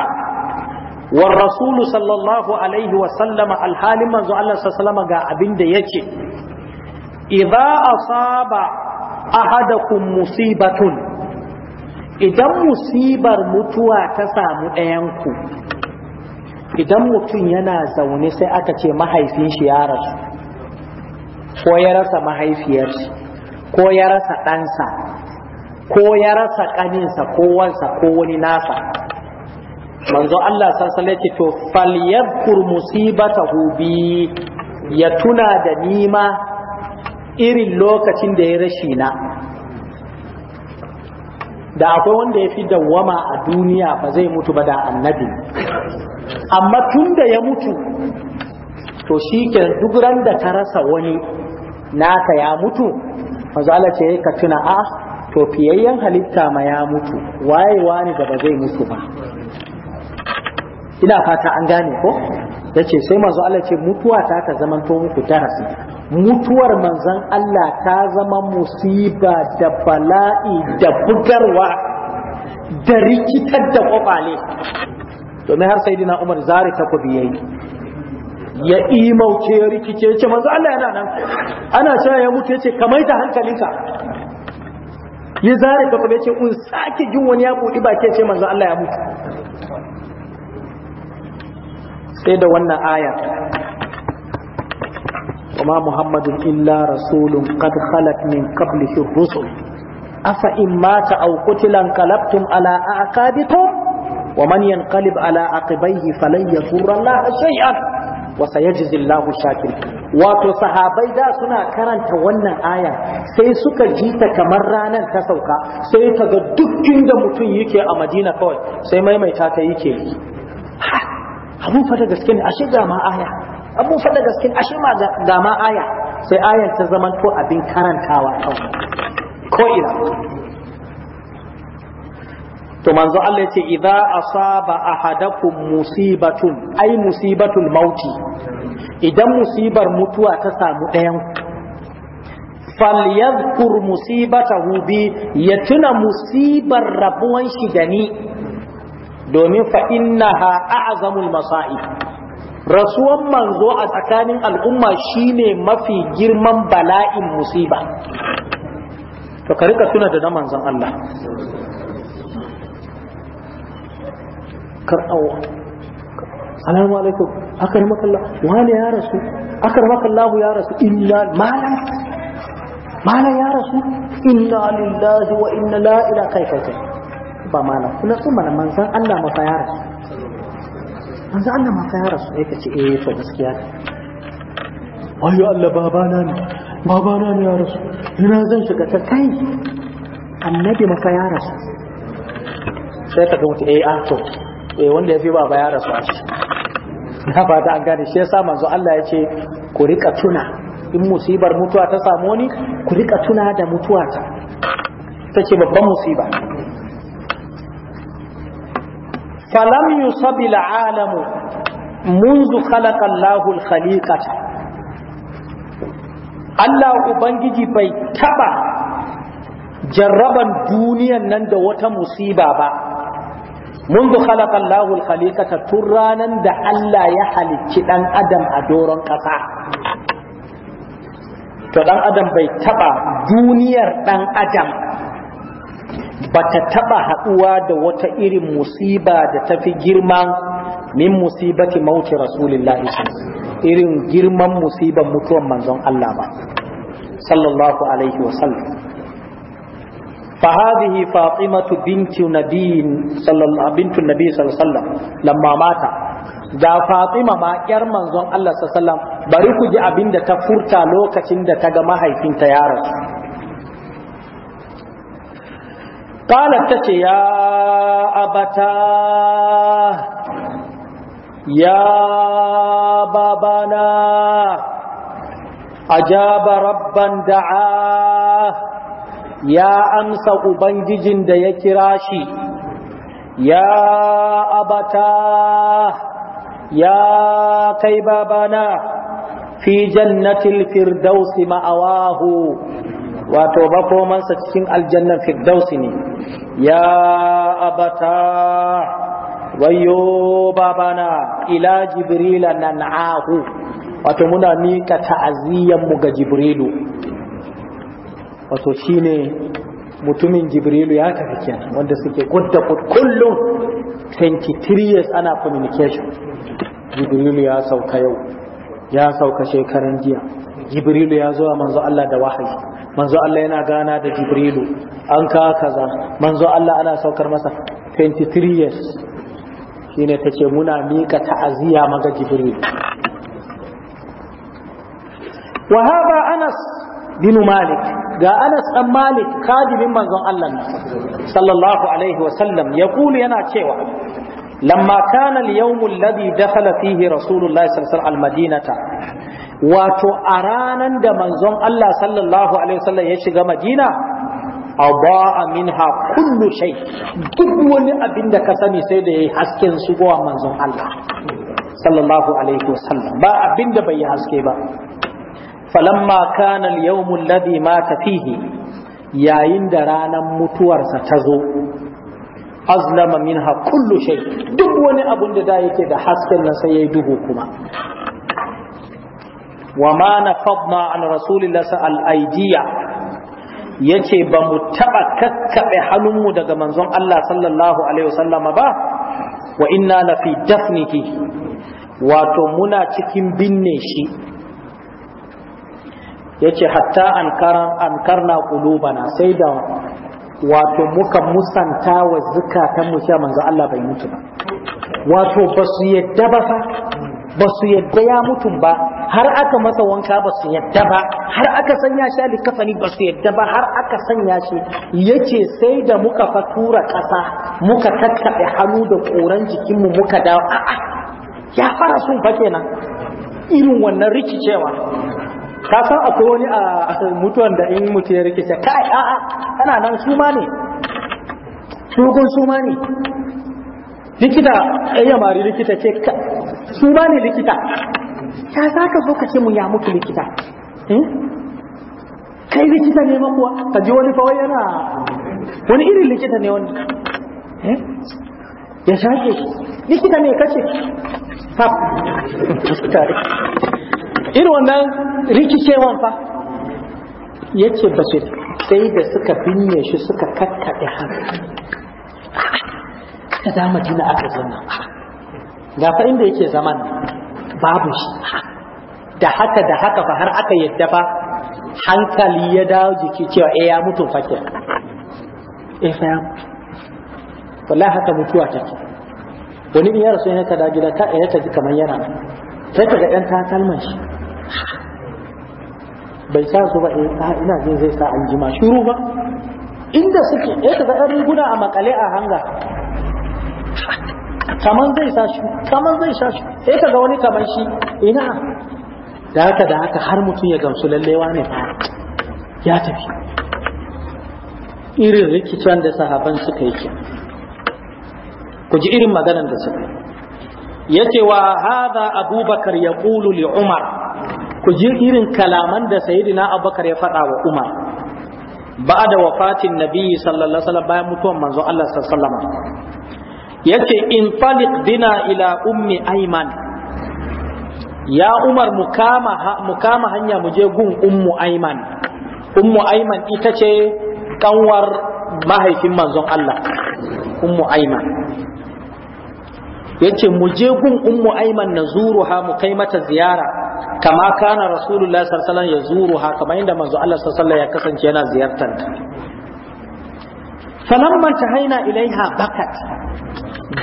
wa rasulu sallallahu alaihi wa sallama alhalin manzo Allah sallama ga abin da yake idza asaba ahadakum musibatun idan musibar mutuwa ta samu ɗayan ku. idan mutum yana zaune sai aka ce mahaifin shi ya rasu ko ya rasa mahaifiyarsa ko ya rasa ɗansa ko ya rasa ƙaninsa ko wansa ko wani nasa manzo Allah sassale ce to falyadkur musibatahu bi ya tuna da nima irin lokacin da ya rashi na da akwai wanda ya fi dawwama a duniya ba zai mutu ba da annabi amma tun da ya mutu to shi ke duk randa ta rasa wani naka ya mutu manzo Allah ce eh, ka tuna a to fiyayyen halitta ma ya mutu waye wani da ba zai mutu ba ina fata an gane ko yace sai manzo Allah ce mutuwa ta ta zamanto muku darasi mutuwar manzon Allah ta zama musiba da bala'i da bugarwa da rikitar da kwakwale domin har sai dina Umar zari ta ku biyayi ya imauce ya rikice ya ce manzo Allah yana nan ana cewa ya mutu ya ce ka ta hankalinka ya zare ka kuma ya ce un sake jin wani ya buɗi ba ke ce manzo Allah ya mutu sai da wannan aya kuma muhammadun illa rasulun qad khalat min qablihi rusul afa in mata aw qutilan qalabtum ala aqabikum wa man yanqalib ala aqibaihi falan yasura Allah wa sayajizillahu shakir wato sahabai da suna karanta wannan aya sai suka ji ta kamar ranar ta sauka sai ta ga duk inda mutum yake a Madina kawai sai maimaita ta yake yi abun fada gaske ne ashe ga ma aya abun fada gaske ne ashe ma ga ma aya sai ayan ta zamanto abin karantawa kawai ko ina to manzo Allah yace idza asaba ahadakum musibatun ai musibatul mauti idan musibar mutuwa ta samu ɗayan falyadhkur musibatahu bi ya tuna musibar rabuwan shi da ni domin fa innaha a'zamul masa'ib rasuwan manzo a tsakanin al'umma shine mafi girman bala'in musiba to ka rika tuna da manzon Allah karɓawa alamu alaikum akar makalla wani ya rasu akar makallahu ya rasu illa malam malam ya rasu inna lillahi wa inna la ila kai kai kai ba malam kuna sun mana manzan Allah maka ya rasu manzan Allah maka ya rasu ya kace eh to gaskiya ayyo Allah babana ne babana ne ya rasu ina zan shiga ta kai annabi maka ya rasu sai ka ga wuta eh a to eh wanda ya fi baba ya rasu a ciki na fata an gane shi yasa manzo Allah ya ce ku rika tuna in musibar mutuwa ta samu ni ku rika tuna da mutuwa ta ta ce babban musiba falam yusabil alamu منذ خلق الله الخليقة Allah Ubangiji bai taɓa jarraban duniyan nan da wata musiba ba, منذ خلق الله الخليقة ترانا دا ألا يحلق شدان أدم أدورا قصا تدان أدم بيتبع دونير دان أدم بتتبع هقوى دا وتئر مصيبة دا تفي جرمان من مصيبة موت رسول الله irin girman musibar mutuwan manzon Allah ba sallallahu alaihi wasallam فهذه فاطمة بنت نبي صلى الله بنت النبي صلى الله عليه وسلم لما مات da Fatima ma ƙyar manzon Allah sallallahu bari ku ji abin da ta furta lokacin da ta ga mahaifinta ya rasu ce ya abata, ya babana, a أجاب ربا دعاه ya amsa ubangijin da ya kira shi ya abata ya kai babana fi jannatil firdausi ma'awahu wato makomansa cikin aljannar firdausi ne ya abata wayo babana ila jibrila nan'ahu wato muna mika ta'aziyyan ga jibrilu wato shine mutumin jibrilu ya tafi kenan wanda suke gudda kullum 23 years ana communication jibrilu ya sauka yau ya sauka shekaran jiya jibrilu ya zo a manzo Allah da wahayi manzo Allah yana gana da jibrilu an ka kaza manzo Allah ana saukar masa 23 years shi ne ta ce muna mika ta'aziya maga jibrilu wa hada Anas binu Malik ga Anas dan Malik kadimin manzon Allah sallallahu alaihi wasallam ya kulu yana cewa lamma kana al-yawm alladhi dakhala fihi rasulullahi sallallahu alaihi al-madinata wato a ranan da manzon Allah sallallahu alaihi wasallam ya shiga Madina A adaa minha kullu shay duk wani abin da ka sani sai da yayi hasken shigowa manzon Allah sallallahu alaihi wasallam ba abin da bai yi haske ba falamma kana yau yawmu alladhi mata yayin da ranan mutuwarsa ta zo azlama minha kullu shay duk wani abun da da yake da hasken nan sai yayi duhu kuma wa ma nafadna an rasulillahi sa'al aydiya yace ba mu taba kakkabe hannunmu daga manzon Allah sallallahu alaihi wasallama ba wa inna la fi dafnihi wato muna cikin binne shi yace hatta an karna qulubana sai da wato muka musanta wa zukatan mu cewa manzo Allah bai mutu ba wato basu yadda ba fa basu yadda ya mutu ba har aka masa wanka basu yadda ba har aka sanya shi alikafani basu yadda ba har aka sanya shi yace sai da muka fatura kasa muka tattabe hannu da koran jikin mu muka dawo a'a ya fara sun fa kenan irin wannan rikicewa ka san akwai wani a mutuwan da in mutu ya rikice kai a'a kana nan su ma ne dogon su ma ne likita ya mari likita ce su ma ne likita ta za ka zo ka ce mu ya mutu likita eh? kai likita ne makuwa ka ji wani fawai yana wani irin likita ne wani eh? ya shaƙe likita ne kace tap irin wannan rikicewan fa ya ce ba su sai da suka binne shi suka kakkaɗe hannu da dama tuna aka zama ga fa inda yake zaman babu shi da haka da haka fa har aka yadda fa hankali ya dawo jiki cewa e ya mutu fakir eh fa ya mutu wallahi haka mutuwa take wani in yara sun yana ta gida ta ya tafi kamar yana sai ka ga ɗan takalman shi bai sa su ba eh, ina jin zai sa an jima shuru ba inda suke ya ta ɗan riguna a makale a hanga kaman zai sa shi kamar zai sa shi ya ta ga wani kamar shi ina da haka da haka har mutum ya gamsu lallewa ne fa ya tafi irin rikicin da sahaban suka yi ku ji irin maganar da suka yi yace wa hadha abubakar yaqulu li umar ku ji irin kalaman da sayyidina abubakar ya faɗa wa umar ba da wafatin nabi sallallahu alaihi wasallam bayan mutuwan manzon Allah sallallahu alaihi wasallam in faliq bina ila ummi ayman ya umar mu kama mu kama hanya mu je gun ummu ayman ummu ayman ita ce kanwar mahaifin manzon Allah ummu ayman yace mu je gun ummu ayman na zuruha mu kai mata ziyara kama kana rasulullahi sallallahu alaihi zuru yazuruha kamar inda manzo Allah sallallahu alaihi wasallam ya kasance yana ziyartar ta man ta haina ilaiha bakat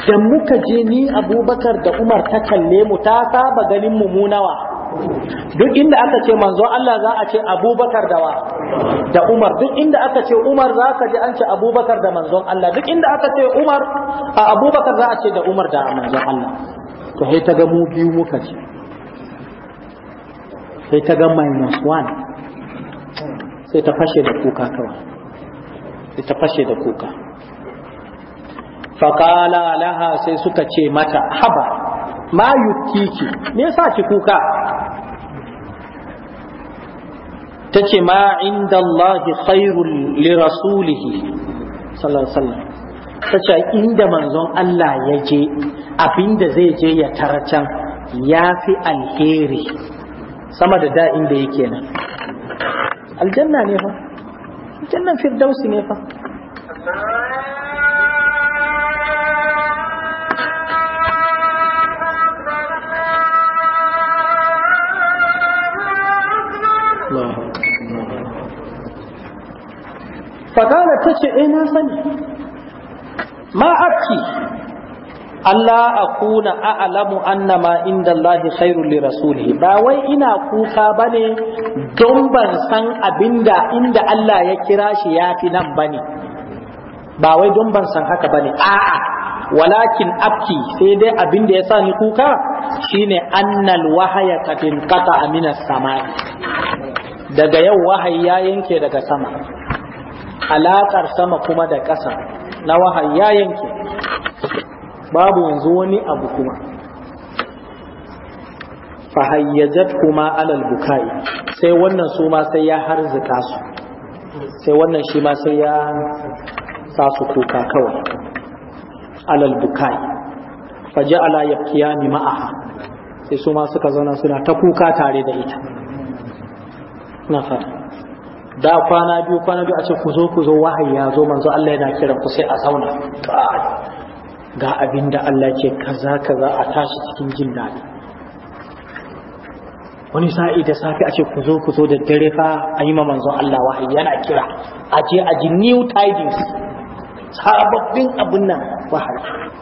da muka je ni abubakar da umar ta kalle mu ta saba ganin mumunawa duk inda aka ce manzo Allah za a ce abubakar da wa da umar duk inda aka ce umar za ka ji an ce abubakar da manzon Allah duk inda aka ce umar a abubakar za a ce da umar da manzon Allah to sai ta ga mu biyu muka ce sai ta ga minus one sai ta fashe da kuka kawa sai ta fashe da kuka faƙala laha sai suka ce mata haba ma yukiki me sa ki kuka ta ce ma inda Allahi khairul li rasulihi sallallahu ta ce inda manzon Allah ya je abinda zai je ya can ya fi alheri sama da da yake nan aljanna ne fa aljannan firdausi ne fa kana ta ce eh, na sani ma abki Allah a a'lamu anna ma inda Allah khairul li rasuli ba wai ina kuka bane don ban san abinda inda Allah ya kira shi ya fi nan bane ba wai don ban san haka bane a'a walakin abki sai dai abinda ya sa ni kuka shine annal wahaya kafin kata amina samai daga yau wahayi ya yanke daga sama alaƙar sama kuma da ƙasa na wahayi ya yanke babu yanzu wani abu kuma fahayyajat kuma alal bukai sai wannan su ma sai ya harzika su sai wannan shi ma sai ya sa su kuka kawai alal bukai faja'ala yabkiyani ma'aha sai su ma suka zauna suna ta kuka tare da ita na fara da kwana biyu kwana biyu a ce ku zo ku zo wahayi ya zo manzo Allah yana kiran ku sai a zauna ga abin da Allah ke kaza kaza a tashi cikin jin daɗi wani sa'i da safi a ce ku zo ku zo da dare fa a yi manzon Allah wahayi yana kira a je a ji new tidings sababbin abin nan wahayi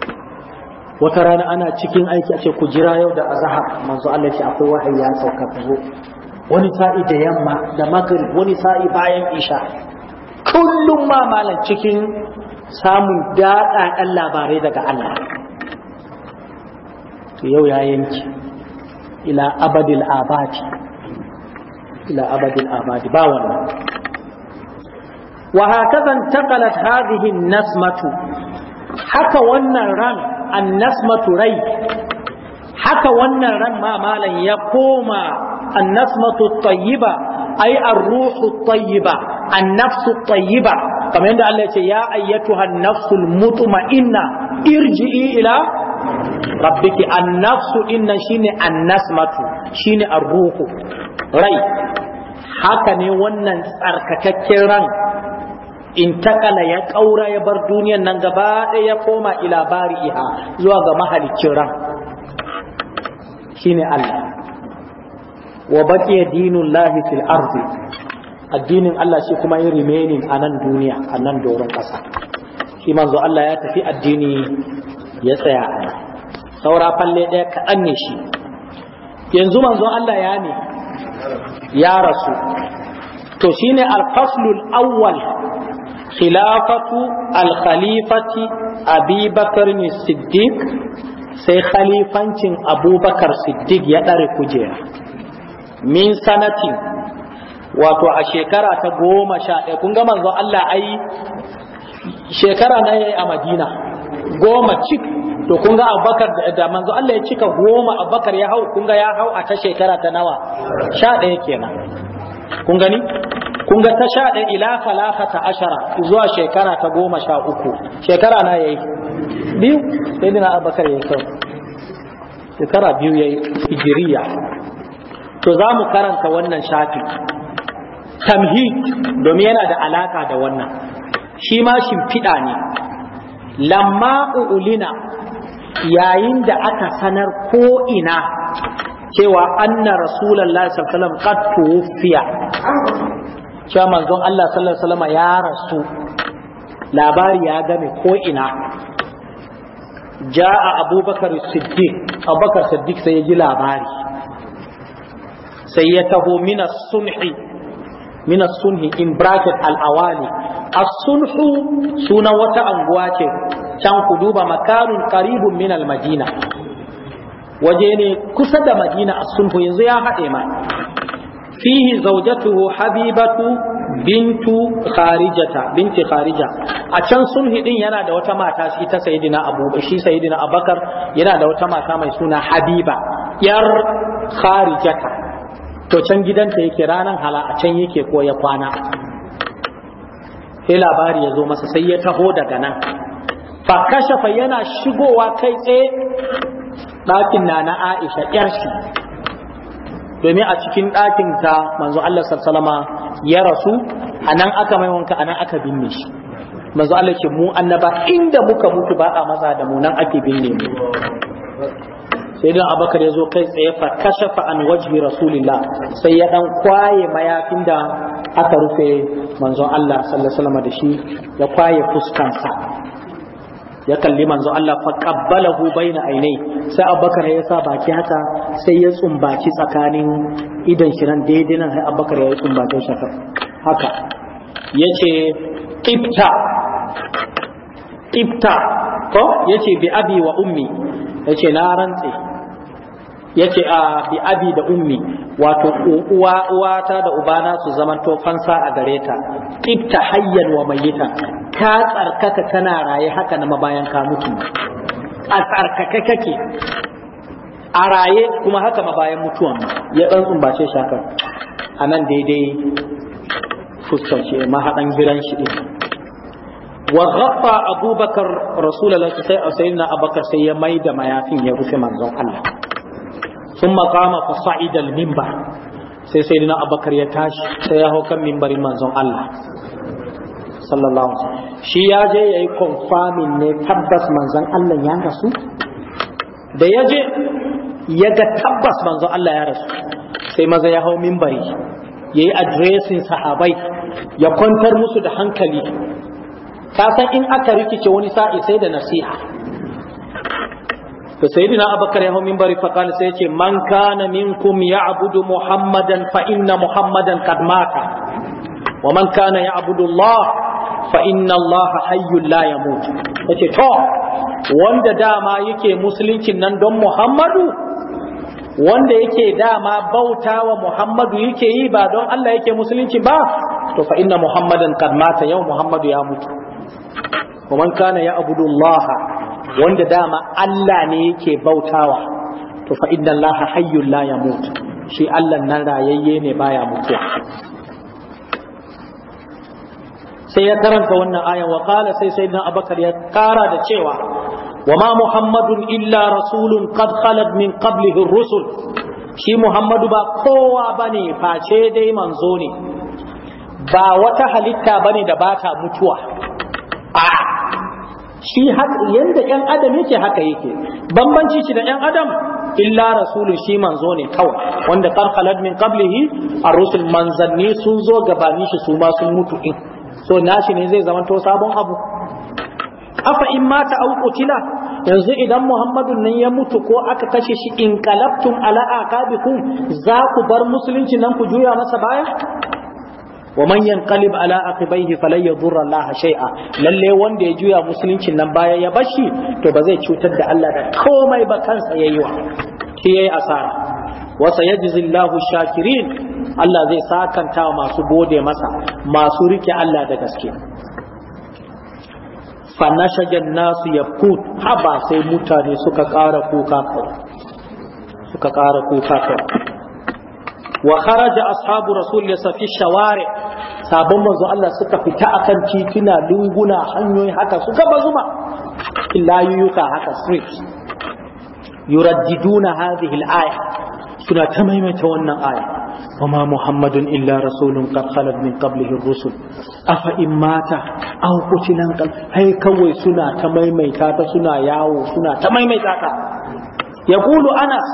wata rana ana cikin aiki a ce ku jira yau da azaha manzon Allah ce akwai wahayi ya sauka ku zo wani sa'i da yamma da magrib wani sa'i bayan isha kullum ma malam cikin samun daɗaɗan labarai daga Allah to yau ya yanki ila abadil abadi ila abadil abadi ba wannan wa hakaza intaqalat hadhihi an-nasmatu haka wannan ran an-nasmatu rai haka wannan ran ma malan ya koma an-nasmatu at-tayyiba ay ruhu an kamar yadda Allah ya ce ya ayyatuhan nafsul mutma'inna irji'i ila rabbiki annafsu innan shine annasmatu shine arruhu rai haka ne wannan tsarkakakken ran in takala ya kaura ya bar duniyan nan gaba ɗaya ya koma ila bari'iha zuwa ga mahalicin ran shine Allah wa baqiya dinullahi fil ardi addinin Allah shi kuma yin remaining a nan duniya a nan doron ƙasa shi manzo Allah ya tafi addini ya tsaya a nan saura falle ɗaya kaɗan ne shi yanzu manzo Allah ya ne ya rasu to shi ne faslul awwal khilafatu al-khalifati Abibakar ne siddiq sai khalifancin abubakar siddiq ya ɗare kujera min sanatin wato a shekara ta goma sha ɗaya kun ga manzon Allah ai shekara na yayi a Madina goma cik to kun ga Abubakar da manzo Allah ya cika goma Abubakar ya hau kun ga ya hau a ta shekara ta nawa sha ɗaya kenan kun gani kun ga ta sha ɗaya ila falafata ashara zuwa shekara ta goma sha uku shekara na yayi biyu sai dina Abubakar ya kai shekara biyu yayi hijiriya to za mu karanta wannan shafi tamhid domin yana da alaka da wannan shi ma shimfiɗa ne lamma ulina yayin da aka sanar ko ina cewa anna rasulullahi sallallahu alaihi wasallam qad tuwfiya cewa manzon Allah sallallahu alaihi wasallam ya rasu labari ya game ko ina ja'a abubakar siddiq abubakar siddiq sai ya ji labari sai ya taho min mina sunhi Mina as-sunhi in bracket al-awali as-sunhu suna wata anguwa ce can ku duba makanun qaribun min al-madina waje ne kusa da madina as-sunhu yanzu ya haɗe ma fihi zawjatuhu habibatu bintu kharijata binti kharija a can sulhi din yana da wata mata shi ta sayyidina abu shi sayyidina abakar yana da wata mata mai suna habiba yar kharijata to can gidanta yake ranar hala a can yake ko ya kwana sai labari ya zo masa sai ya taho daga nan fa kashafa yana shigowa kai tsaye ɗakin na na aisha ƴarshi domin a cikin ɗakin ta manzo Allah sallama ya rasu a nan aka mai wanka a nan aka binne shi manzo Allah ce mu annaba inda muka mutu ba a maza da mu nan ake binne mu sai dan abakar ya zo kai tsaye fa kashafa an wajhi rasulillah sai ya dan kwaye mayafin da aka rufe manzon Allah sallallahu alaihi wasallam da shi ya kwaye fuskansa ya kalli manzo Allah fa qabbalahu baina ainai sai Abubakar ya sa baki haka sai ya tsumbaci tsakanin idan shi nan daidai nan sai Abubakar ya tsumbace shi haka yace ibta ibta ko yace bi abi wa ummi yace na rantse yace a bi abi da ummi wato uwa uwata da ubana su zamanto fansa a gareta, ta ibta hayyan wa mayyita ka tsarkaka kana raye haka na mabayan ka mutu a tsarkaka kake a raye kuma haka mabayan mutuwan ya dan tsumbace shakar a nan daidai fuskar shi mahaɗan gidan shi din wa أبو sai rasulullahi sai صلى الله ya وسلم أبو بكر سيما يدما يافين sun maƙama fa sa'idal mimbar sai sai dina abakar ya tashi sai ya hau kan mimbarin manzon Allah sallallahu alaihi shi ya je ya yi confirming ne tabbas manzon Allah ya rasu da ya je ya ga tabbas manzon Allah ya rasu sai maza ya hau mimbari ya yi addressing sahabai ya kwantar musu da hankali ka san in aka rikice wani sa'i sai da nasiha to sayyidina abakar ya hau minbari fa qala sai yace man kana minkum ya'budu muhammadan fa inna muhammadan qad mata wa man kana ya'budu allah fa inna allah hayyul la yamut yace to wanda dama yake musuluncin nan don muhammadu wanda yake dama bauta wa muhammadu yake yi ba don allah yake musulunci ba to fa inna muhammadan qad mata yau muhammadu ya mutu wa man kana ya'budu allah wanda dama Allah ne yake bautawa to fa inna Allah hayyul la yamut shi Allah nan rayayye ne baya mutuwa sai ya karanta wannan ayan wa qala sai sayyidina Abubakar ya kara da cewa wa ma Muhammadun illa rasulun qad khalat min qablihi rusul shi Muhammadu ba kowa bane face dai manzo ne ba wata halitta bane da bata mutuwa shi yadda yan adam yake haka yake bambanci shi da yan adam illa rasulu shi manzo ne kawai wanda karkalar min qablihi a rusul manzanni sun zo gabani shi su ma sun mutu in so nashi ne zai zama to sabon abu afa in mata au qutila yanzu idan muhammadun nan ya mutu ko aka kashe shi in qalabtum ala aqabikum za ku bar musulunci nan ku juya masa baya wa manyan yanqalib ala aqibaihi falan yadurra Allah shay'a lalle wanda ya juya musuluncin nan baya ya bashi to ba zai cutar da Allah da komai ba kansa yayi wa shi yayi asara wa sayajzi shakirin Allah zai sakanta masu bode masa masu rike Allah da gaske fanashajan nasu ya haba sai mutane suka ƙara kuka suka wa kharaja ashabu rasul ya safi shawari sabon manzo Allah suka fita a kan titina lunguna hanyoyi haka suka bazuma illayuka haka street yuraddiduna hadhihi alaya suna ta maimaita wannan aya kuma muhammadun illa rasulun qad khalat min qablihi ar-rusul mata aw qutila kan kawai suna ta maimaita ta suna yawo suna ta maimaita ta yaqulu anas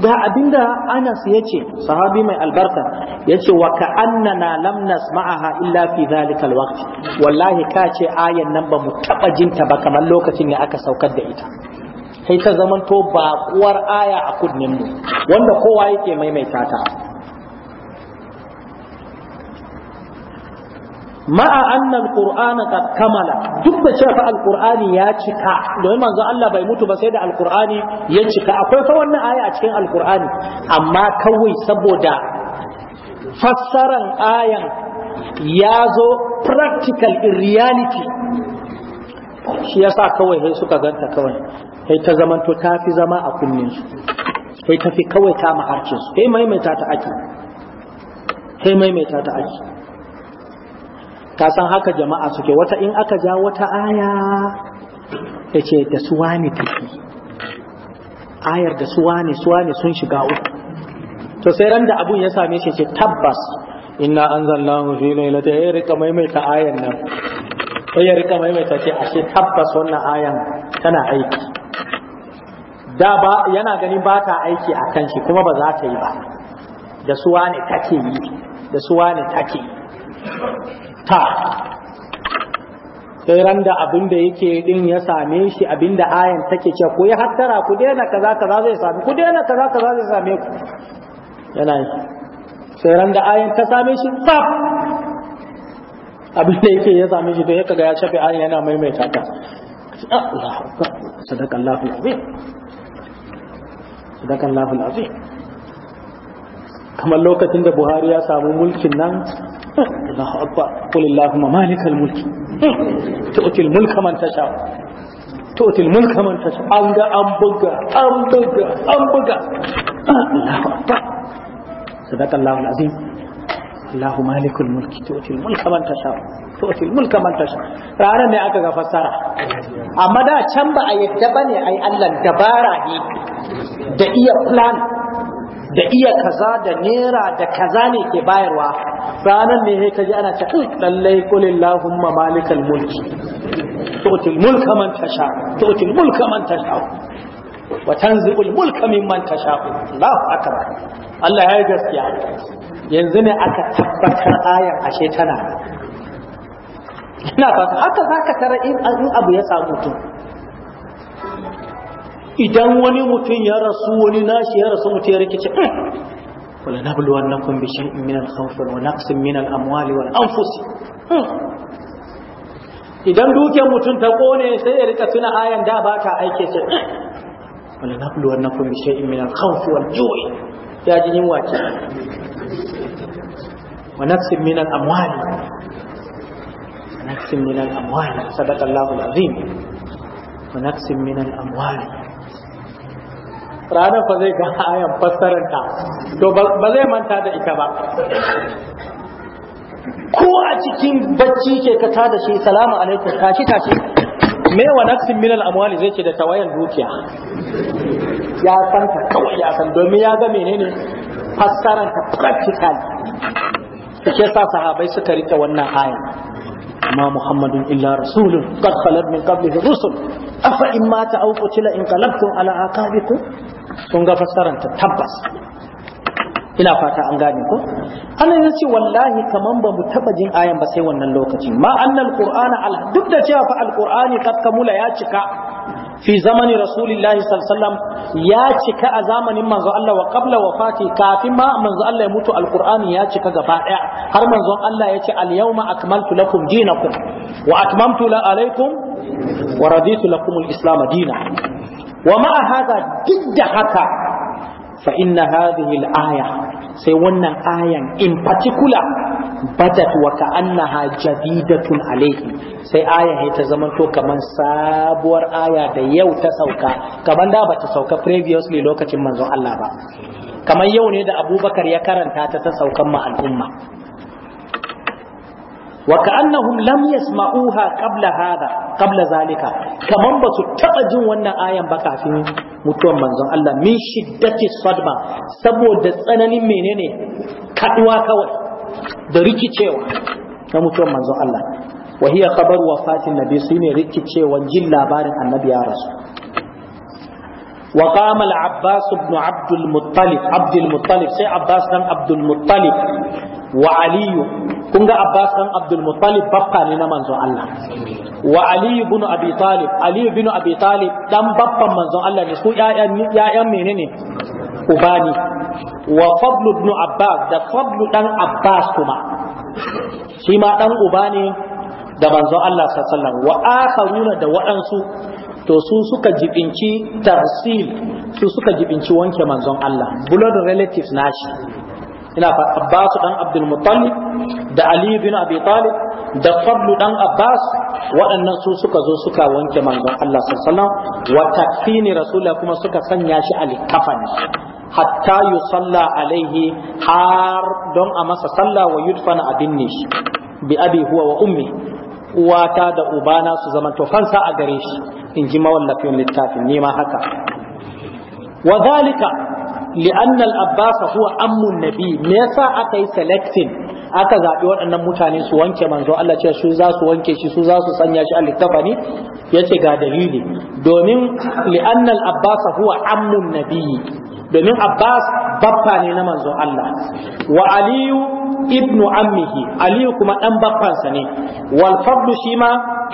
ga abinda Anas ya ce sahabi mai albarka ya ce wa ka annana lam nasma'aha illa fi zalikal waqt wallahi ka ce ayan nan ba mu taba jinta ba kamar lokacin da aka saukar da ita sai ta zamanto ba kuwar aya a kudnin mu wanda kowa yake maimaita ta ma'a annan qur'ana qad kamala duk da cewa alqur'ani ya cika domin manzo Allah bai mutu ba sai da alqur'ani ya cika akwai fa wannan aya a cikin alqur'ani amma kawai saboda fassaran ayan ya zo practical in reality shi sa kawai sai suka ganta kawai sai ta zamanto ta fi zama a kunnin su sai ta fi kawai kama harcin su sai maimaita ta ake sai maimaita ta ake ka san haka jama'a suke wata in aka ja wata aya ya ce da su ne tafi ayar da su ne su ne sun shiga uku to sai ran da abun ya same shi ce tabbas inna anzalnahu fi lailati ya rika maimaita ayan nan ya rika maimaita ce ashe tabbas wannan ayan tana aiki da ba yana ganin ba ta aiki a kan shi kuma ba za ta yi ba da suwa ne take yi da suwa ne take yi ta sai ran da abin da yake din ya same shi abin da ayan take ce ku yi hattara ku daina kaza kaza zai same ku daina kaza kaza zai same ku yana yi sai ran da ayan ta same shi tsaf abin da yake ya same shi don ya ga ya shafe ayan yana maimaita ta sadakan lafi Allahul azim sadaka Allahul kamar lokacin da Buhari ya samu mulkin nan الله أكبر قل اللهم مالك الملك تؤتي الملك من تشاء تؤتي الملك من تشاء أنجا أمبغا أمبغا أمبغا الله أكبر صدق الله العظيم الله مالك الملك تؤتي الملك من تشاء تؤتي الملك من تشاء ranar ne aka ga fassara amma da can ba a yadda bane ai Allah dabara ne da iya plan da iya kaza da nera da kaza ne ke bayarwa ranan ne sai kaji ana ta lallai qul allahumma malikal mulki tu'til mulka man tasha tu'til mulka man tasha wa tanzi'ul mulka mimman tasha Allahu akbar Allah ya gaskiya yanzu ne aka tabbatar ayar ashe tana ina fata haka zaka tara in abu ya samu tun idan wani mutum ya rasu wani nashi ya rasu mutum ya rikice eh, ولنبلونكم بشيء من الخوف ونقص من الأموال والأنفس إذا دوك متن تقوني سيرك سنة آية داباك أي كسر ولنبلونكم بشيء من الخوف والجوع يا جنين واتي ونقص من الأموال ونقص من الأموال صدق الله العظيم ونقص من الأموال ranar fa zai ga ayan ta, to ba zai manta da ita ba ko a cikin bacci ke ka da shi salamu alaikum tashi tashi me wa nafsin al amwali zai ce da tawayan dukiya ya san ta kawai ya san domin ya ga menene fassarar ta practical shi sa sahabai suka rike wannan ayan ma muhammadun illa rasulun qad khalat min qablihi rusul afa in mata aw in qalabtum ala aqabikum sun ga ta tabbas ina fata an gane ko Allah ya ce wallahi kaman ba mu taba jin ayan ba sai wannan lokacin ma annal qur'ana al duk da cewa fa alqur'ani qad kamula ya cika fi zamani rasulullahi sallallahu alaihi ya cika a zamanin manzo Allah wa qabla wafati kafin ma manzo Allah ya mutu al qur'ani ya cika gaba daya har manzo Allah ya ce al yawma akmaltu lakum dinakum wa atmamtu la alaikum, wa raditu lakum al islam dinan wa ma'a duk da haka fa inna hadhihi al-aya sai wannan ayan in particular badat wa ka'annaha tun alayhi sai ayan ta zamanto to kaman sabuwar aya da yau ta sauka kaman da bata sauka previously lokacin manzon Allah ba kamar yau ne da Abubakar ya karanta ta ta saukan ma al'umma Waka ka'annahum lam ma'uha kabla hada kabla zalika kaman ba taɓa jin wannan ayan ba kafin mutuwar manzon Allah min shiddati sadma saboda tsananin menene kaduwa kawai da rikicewa na mutuwan manzon Allah wa hiya khabar wafatin nabi shine rikicewan jin labarin annabi ya rasu وقام العباس بن عبد المطلب عبد المطلب سي عباس بن عبد المطلب wa aliyu kun ga abbas dan abdul muttalib baffa ne na manzon Allah wa Aliyu ibn abi talib ali ibn abi talib dan baffan manzon Allah ne su ƴaƴan ƴaƴan menene ubani wa fadl ibn abbas da fadl dan abbas kuma shi ma dan ubani da manzon Allah sallallahu wa akharuna da waɗansu to su suka jibinci tafsil su suka jibinci wanke manzon Allah blood relatives nashi ina Abbas dan Abdul Muttalib da Ali bin Abi Talib da Fadl dan Abbas waɗannan su suka zo suka wanke manzon Allah sallallahu alaihi wasallam wa takfini kuma suka sanya shi al-kafan hatta yusalla alaihi har don a masa sallah wa yudfana abin shi bi abi huwa wa ummi uwata da ubana su zama to fansa a gare shi in ji mawallafin littafin nema haka wa zalika li'an al-abbasa huwa nabi me yasa aka yi selecting aka zaɓi waɗannan mutane su wanke manzo Allah ce su za su wanke shi su za su sanya shi a littafani yace ga dalili domin li'an al-abbasa huwa ammun nabi domin abbas baffa ne na manzo Allah wa aliyu ibnu ammihi aliyu kuma ɗan baffansa ne wal fadlu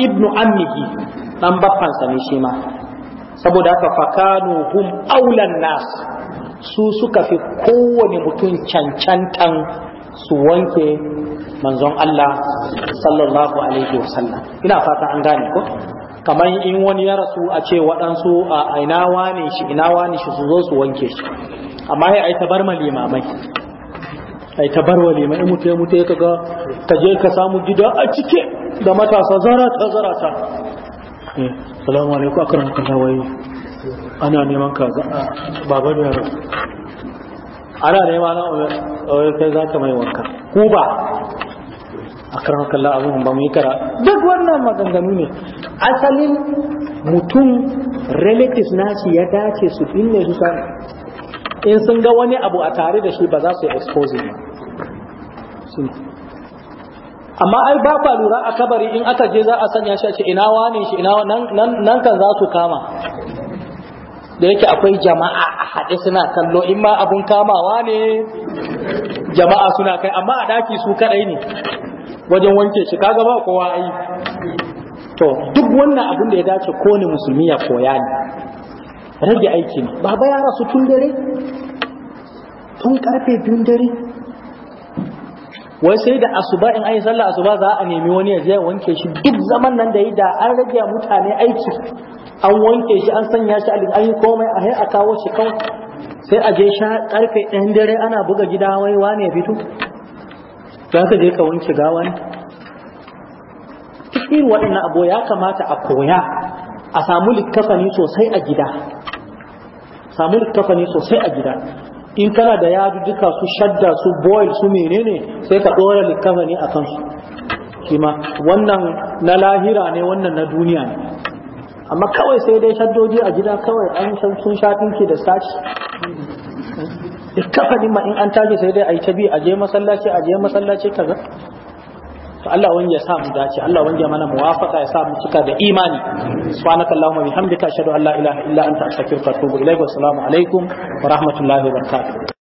ibnu ammihi Ɗan baffansa ne shi saboda haka fakanu hum aulan nas su suka fi kowane mutum cancantan su wanke manzon Allah sallallahu alaihi wasallam ina fata an gane ko kamar in wani ya rasu a ce waɗansu a ina wane shi ina wane shi su zo su wanke shi amma ya ai tabar limamai ai tabar wa limamai mutu ya mutu ya kaga ka je ka samu gida a cike da matasa zarata zarata eh, salamu alaikum akramakallahu wa ana neman kaza babar yaro ana neman aure kai za ka mai wanka ku ba a karan kalla abin ba mu yi kara duk wannan maganganu ne asalin mutum relatives nashi ya dace su binne su in sun ga wani abu a tare da shi ba za su yi exposing ba amma ai ba kwa lura a kabari in aka je za a sanya shi a ce ina wane shi ina nan kan za su kama da yake akwai jama'a a haɗe suna kallo in ma abun kamawa ne jama'a suna kai amma a ɗaki su kaɗai ne wajen wanke shi kaga ba kowa ai to duk wannan abin da ya dace ko ne musulmi ya koya ne rage aiki ne baba ya rasu tun dare tun karfe tun dare wai sai da asuba in ayi sallah asuba za a nemi wani ya je wanke shi duk zaman nan da yi da an rage mutane aiki an wanke shi an sanya shi an yi komai a hai a kawo shi kawai sai a je sha karfe ɗan dare ana buga gida wai wane fito za ka je ka wanke gawa ne irin waɗannan abu ya kamata a koya a samu likkafani sosai a gida samu likkafani sosai a gida in kana da yadu duka su shadda su boil su menene sai ka ɗora likkafani a kansu shi wannan na lahira ne wannan na duniya ne amma kawai sai dai shaddoji a gida kawai an sun sha dinki da sashi da kafa ma in an tashi sai dai a yi ta bi a je masallaci a je masallaci kaza to Allah wani ya sa mu dace Allah wani ya mana muwafaqa ya sa mu cika da imani subhanaka allahumma bihamdika ashhadu an la ilaha illa anta astaghfiruka wa atubu ilaik wa assalamu alaikum wa rahmatullahi wa barakatuh